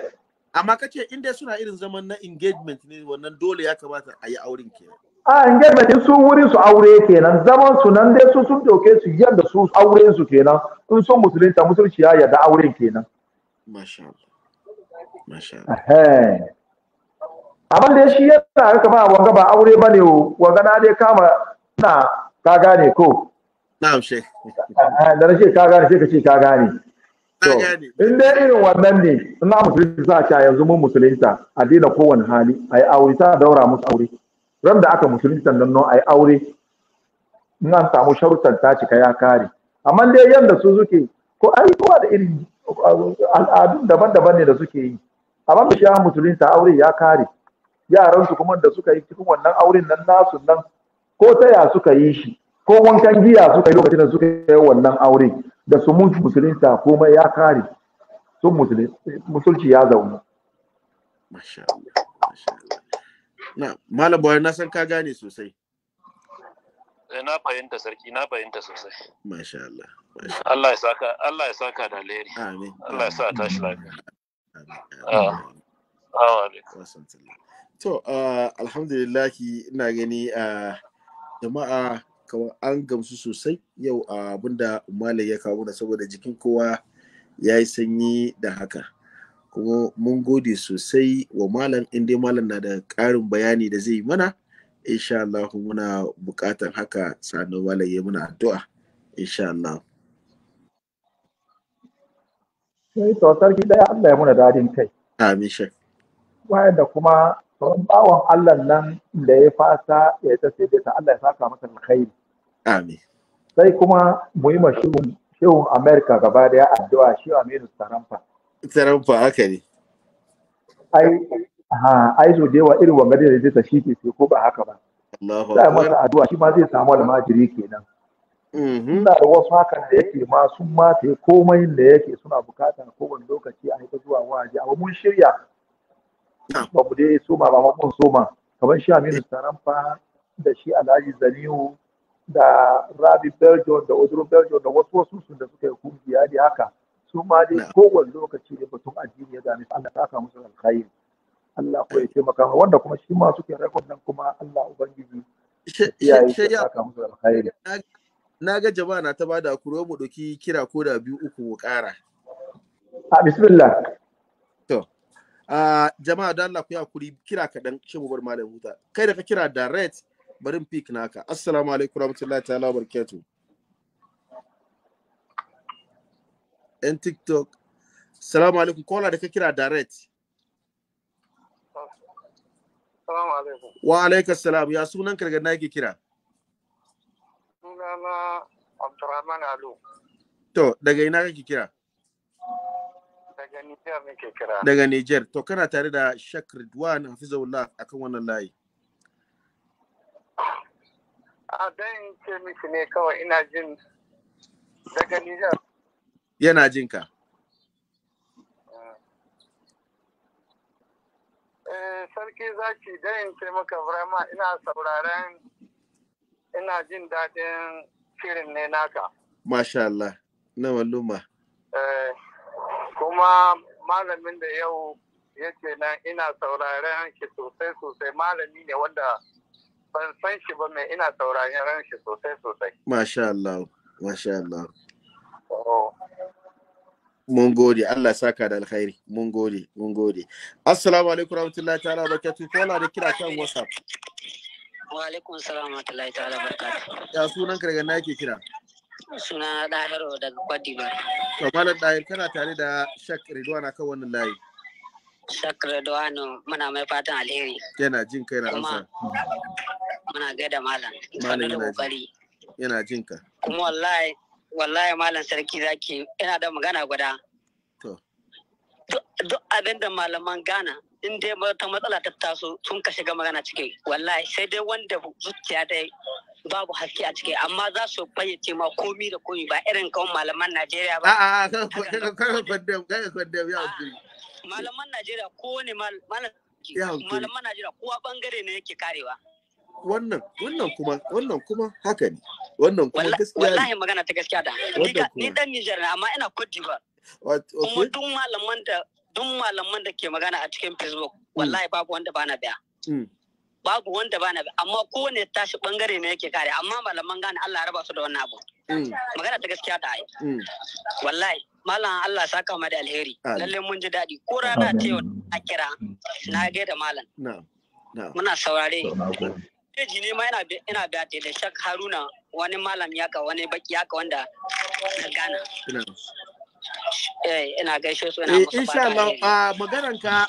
amma kace inda suna irin zaman na engagement ne wannan dole ya kamata a yi auren kenan a an gabata su wurin su aure kenan zaman su nan dai su sun doke su yadda su aure su kenan sun sun musulunta musulci ya yarda auren kenan abin da shi yana haka ba wanga ba aure ba ne wanga na dai kama na ka gane ko na'am she da na ce ka gane sai ka ce ka gane in dai irin wannan ne na musulunta za a yanzu mun musulunta a daina kowane hali a yi aure ta daura musu aure ran da aka sannan nan non ai aure in an samu sharutan ta cika ya kare amma dai yanda su suke ko ai kowa da irin uh, al'adun daban-daban ne da suke yi amma bishi ya ta aure ya kare yaran su kuma da suka yi cikin wannan auren nan nasu nan ko ta ya suka yi shi ko wankan giya suka yi lokacin da suka yi wannan aure da su mun ta komai ya kare sun musulunci ya zauna masha Allah masha Allah na malam buhari na san ka gane sosai eh, na fahimta sarki na fahimta sosai masha Allah Allah ya saka Allah ya saka da alheri amin Allah ya sa tashi lafiya ah. to ah, alhamdulillah ina gani ah, jama'a kamar an gamsu sosai yau abinda Malam ya kawo da saboda jikin kowa ya yi sanyi da haka kuma mun gode sosai wa malam inda malam na da ƙarin bayani da zai yi mana insha Allah muna buƙatar haka sanu malam ya muna addu'a insha Allah sai to sarki daya Allah ya muna dadin kai amin shek bayan da kuma sauran bawan Allah nan da ya fasa ya ta sai ta Allah ya saka masa alkhairi amin sai kuma mu yi mashihun shehun America gaba daya addu'a shi Aminu Saramfa tarampa haka ne ai ha ai so dewa irin wanga da zai ta shike sai ko ba haka ba za masa addu'a shi ma zai samu almajiri kenan mhm. Ina da wasu hakan da yake ma sun ta komai da yake suna bukata kowane lokaci a haika zuwa waje amma mun shirya ba mu dai soma ba mun soma kamar shi Aminu Saramfa da shi Alhaji Zaniu da Rabi Beljo da Odro Beljo da wasu wasu sun da suka yi kungiya ne haka su ma dai kowane lokaci da batun addini ya gane Allah Allah saka musu alkhairi Allah ko ya maka wanda kuma shi ma suke record nan kuma Allah ubangiji ya saka musu alkhairi na ga jama'a na ta bada kuro mu doki kira ko da biyu uku mu kara a bismillah to a jama'a da Allah ku ya kuri kira kaɗan shi mu bar malam huta kai da ka kira direct barin pick naka assalamu alaikum warahmatullahi ta'ala wa barakatuh 'yan tiktok salamu alaikum kola da ka kira direct salamu alaikum wa alaikum salam ya sunan karga na yake kira sunana abdurrahman Alu. to daga ina kake kira daga niger ne kira daga niger to kana tare da shak ridwan hafizullah akan wannan layi a dan ce miki ne kawai ina jin daga niger yana jin ka eh, eh, sarki zaki dayin ce maka Burama ina sauraren ina jin daɗin shirin ne naka masha Allah na malluma eh, kuma malamin da yau ya ce nan ina sauraren shi sosai sosai malami ne wanda ban san shi ba mai ina sauraren shi sosai sosai. Masha Allah, masha Allah. Oh. mun gode Allah saka da alkhairi mun gode mun gode assalamu alaikum warahmatullahi ta'ala barakatuh ko na da kira kan whatsapp wa alaikum assalamu warahmatullahi ta'ala barakatuh ya sunan ka daga nake kira suna dahiro daga kwadi ba to malam dahir kana tare da shak ridwana kan wannan layi shak ridwano muna mai fatan alheri yana jin kai na amsa muna da malam malam yana kokari yana jin ka kuma wallahi wallahi malam sarki zaki yana da magana guda duk abin da malaman gana in dai ta matsala ta taso sun ka shiga magana cike. wallahi sai dai wanda zuciya dai babu haske a cike. amma za su fayyace ma komi da komi ba irin kawai malaman Najeriya ba. A'a kada kwandam ga kwandam ya Malaman Najeriya ko ne malaman Najeriya kowa bangare ne yake karewa. wannan wannan kuma wannan kuma haka ne wannan kuma gaskiya wallahi magana ta gaskiya da ni dan Niger amma ina Cote d'Ivoire kuma duk malaman da duk malaman da ke magana a cikin Facebook mm. wallahi babu wanda bana biya mm. babu wanda bana biya amma kowane tashi bangare ne yake kare amma malaman gane Allah raba su da wannan abu mm. magana ta gaskiya da ai wallahi malam Allah saka ma da alheri lalle mun ji daɗi ko rana ta yau na kira na da malam muna saurare Jeji ne ma yana ina da da shak Haruna wani malam ya ka wani baki ya ka wanda na Ghana. Eh ina gaishe su ina eh, musu Insha Allah maganar ka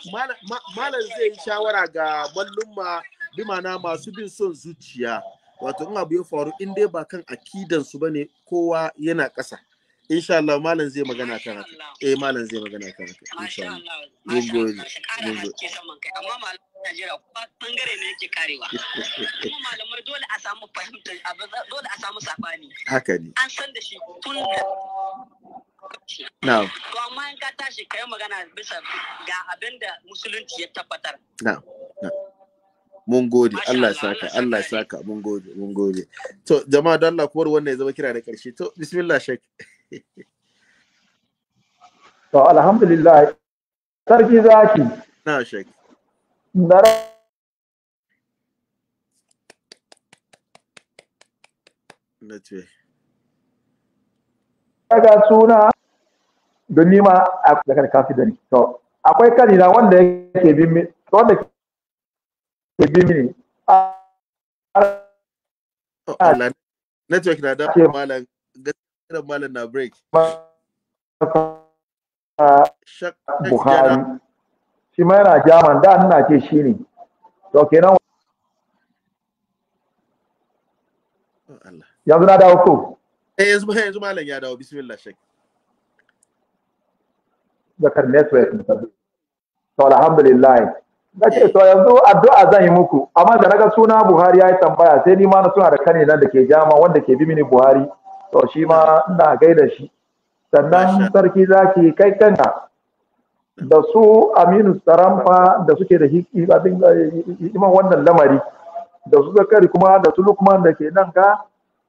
malam zai yi shawara ga mallumma bimana masu bin son zuciya. Wato in abu ya faru in dai ba kan akidan su bane kowa yana kasa Insha Allah malam zai magana kan haka. Eh malam zai magana kan haka. Insha Allah. Mun gode. Mun gode. Najeriya kuma bangare ne yake karewa. Kuma malamai dole a samu fahimtar dole a samu sabani. Haka ne. An san da shi tun da No. To amma in ka tashi kai magana bisa ga abin da musulunci ya tabbatar. No. Mun gode, Allah saka, Allah saka, mun gode, mun gode. To, jama'a don Allah kuwar wannan ya zama kira da ƙarshe. To, bismillah shek. To, alhamdulillah, sarki zaki. Na shek. Bentar. Nace. Daga suna don nima a da kan kafi da ni. To, akwai kanina wanda yake bin mi, wanda ke bin mini. Oh, Allah, network na da malam, gaskiyar malam na break. Buhari. shi ma yana jaman da ina ce shi ne to kenan yanzu na dawo ko eh yanzu yanzu malam ya dawo bismillah shek zakar network ne to alhamdulillah da ce to yanzu addu'a zan yi muku amma da naga suna Buhari ya yi tambaya sai ni ma na suna da kane nan da ke jama wanda ke bi mini Buhari to shi ma ina gaida shi sannan sarki zaki kai kanka da su aminu saramfa da suke da eh, iman wannan lamari da su zakari kuma da su lukman da ke nan ga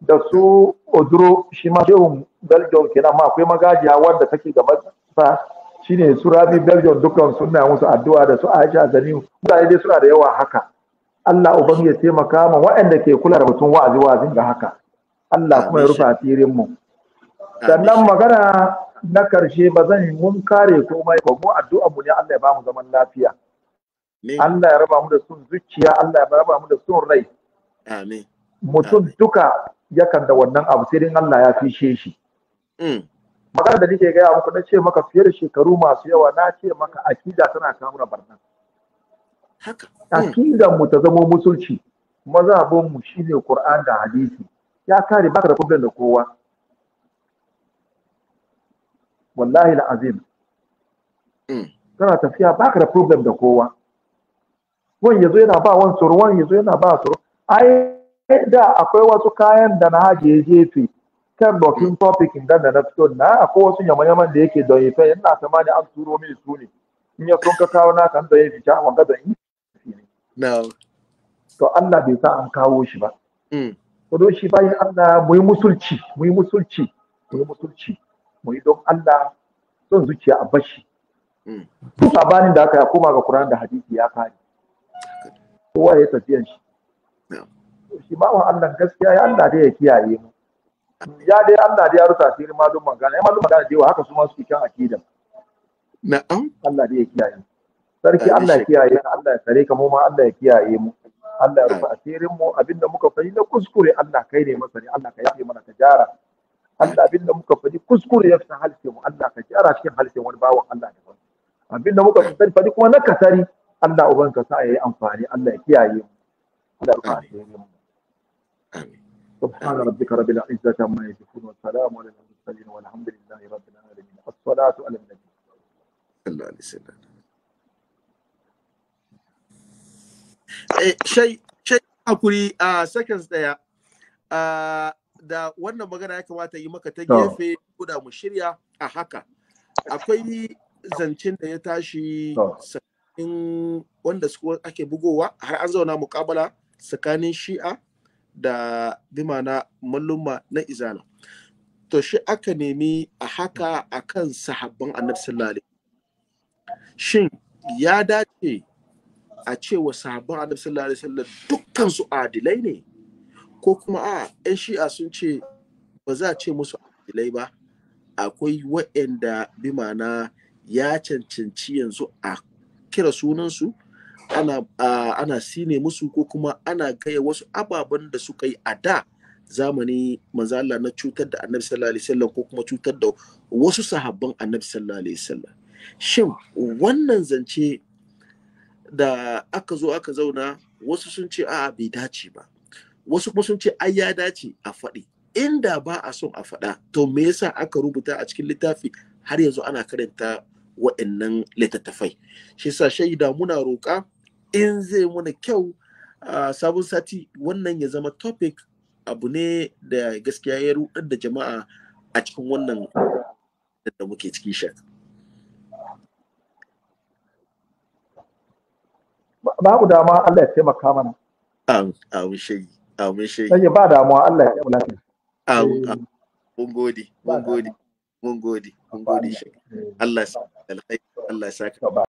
da su oduro shi ma shehun belgium kenan ma akwai magajiya wanda take matsa sa ne su rabi belgium dukkan suna musu addu'a da su aisha zaniu mutane dai suna da yawa haka Allah uban ya taimaka ma waɗanda ke kula da mutum wa'azi wa'azin ga haka Allah kuma ya rufe asirin mu sannan magana na karshe ba zan mun kare komai ba mu addu'a mu ne Allah ya ba mu zaman lafiya Allah ya raba mu da sun zuciya Allah ya raba mu da sun rai amin mutum duka yakan da wannan abu sai din Allah ya fishe shi mm. magana da nake gaya muku na ce maka fiye da shekaru masu yawa na ce maka akida tana kamura barna mm. akidan mu ta zamo musulci mazhabin mu shine Qur'an da hadisi ya kare baka da problem da kowa wallahi azim mm. kana tafiya baka da problem da kowa ruwan yazo yana ba wan tsoro ruwan yazo yana ba tsoro ai da akwai wasu kayan da na haje jefe kan bakin topic da na fito na akwai wasu yamma-yaman da yake don yi fa yana tamani an turo mini su ne in ya son ka kawo na kan da ya ta wanga da yi to Allah bai sa an kawo shi ba mm. shi bayan Allah mu yi musulci mu yi musulci mu yi musulci mu yi don Allah son zuciya a bashi hmm. ko sabanin da aka ya koma ga Qur'an da hadisi ya kare kowa ya tafiyan shi shi ma wa Allah gaskiya ya Allah dai ya kiyaye mu ya dai Allah dai ya rusa ma don magana ya malum magana da haka su ma suke kan akida na'am Allah dai ya kiyaye mu sarki Allah ya kiyaye Allah ya tsare ka mu ma Allah ya kiyaye mu Allah ya rufe asirin mu abinda muka fahimta kuskure Allah kai ne masani Allah ka yafe mana ka jara Allah abin da muka faɗi kuskure ya fita halshe mu Allah ka gyara cikin halshe wani bawan Allah ne ba abin da muka faɗi kuma na kasari Allah uban ka sa yayi amfani Allah ya kiyaye mu Allah ya kiyaye mu سبحان ربك رب العزة عما يصفون والسلام على المرسلين والحمد لله رب العالمين الصلاة على النبي صلى الله عليه وسلم شيء شيء a seconds daya da wannan magana ya kamata yi maka ta gefe guda mu shirya a haka akwai zancen da ya tashi tsakanin wanda su ake bugowa har an zauna mukabala tsakanin shi'a da bimana malluma na izana to shi aka nemi a haka akan sahabban annabi sallallahu shin ya dace a cewa sahabban annabi sallallahu alaihi dukkan su adilai ne ko kuma a 'yan shi'a sun ce ba za a ce musu adilai ba akwai waɗanda bi ma'ana ya cancanci yanzu a kira sunansu ana, ana sine musu ko kuma ana gaya wasu ababen da suka yi a da zamani manzo na cutar da annabi sallallahu alaihi wasallam ko kuma cutar da wasu sahabban annabi sallallahu alaihi wasallam shin wannan zance da aka zo aka zauna wasu sun ce a'a bai dace ba wasu kuma sun ce ai ya dace a faɗi inda ba a son a faɗa to me yasa aka rubuta a cikin littafi har yanzu ana karanta wa'annan littattafai shi yasa shaida muna roƙa in zai muna kyau a sabon sati wannan ya zama topic abu ne da gaskiya ya rudar da jama'a a cikin wannan da muke ciki Ba babu dama Allah ya taimaka mana an an shayi Amin shi. Sai ba damuwa Allah ya kula ka. Eh. Amin. Mun gode, mun gode, mun gode, mun gode shi. Allah ya saka alkhairi, Allah ya saka.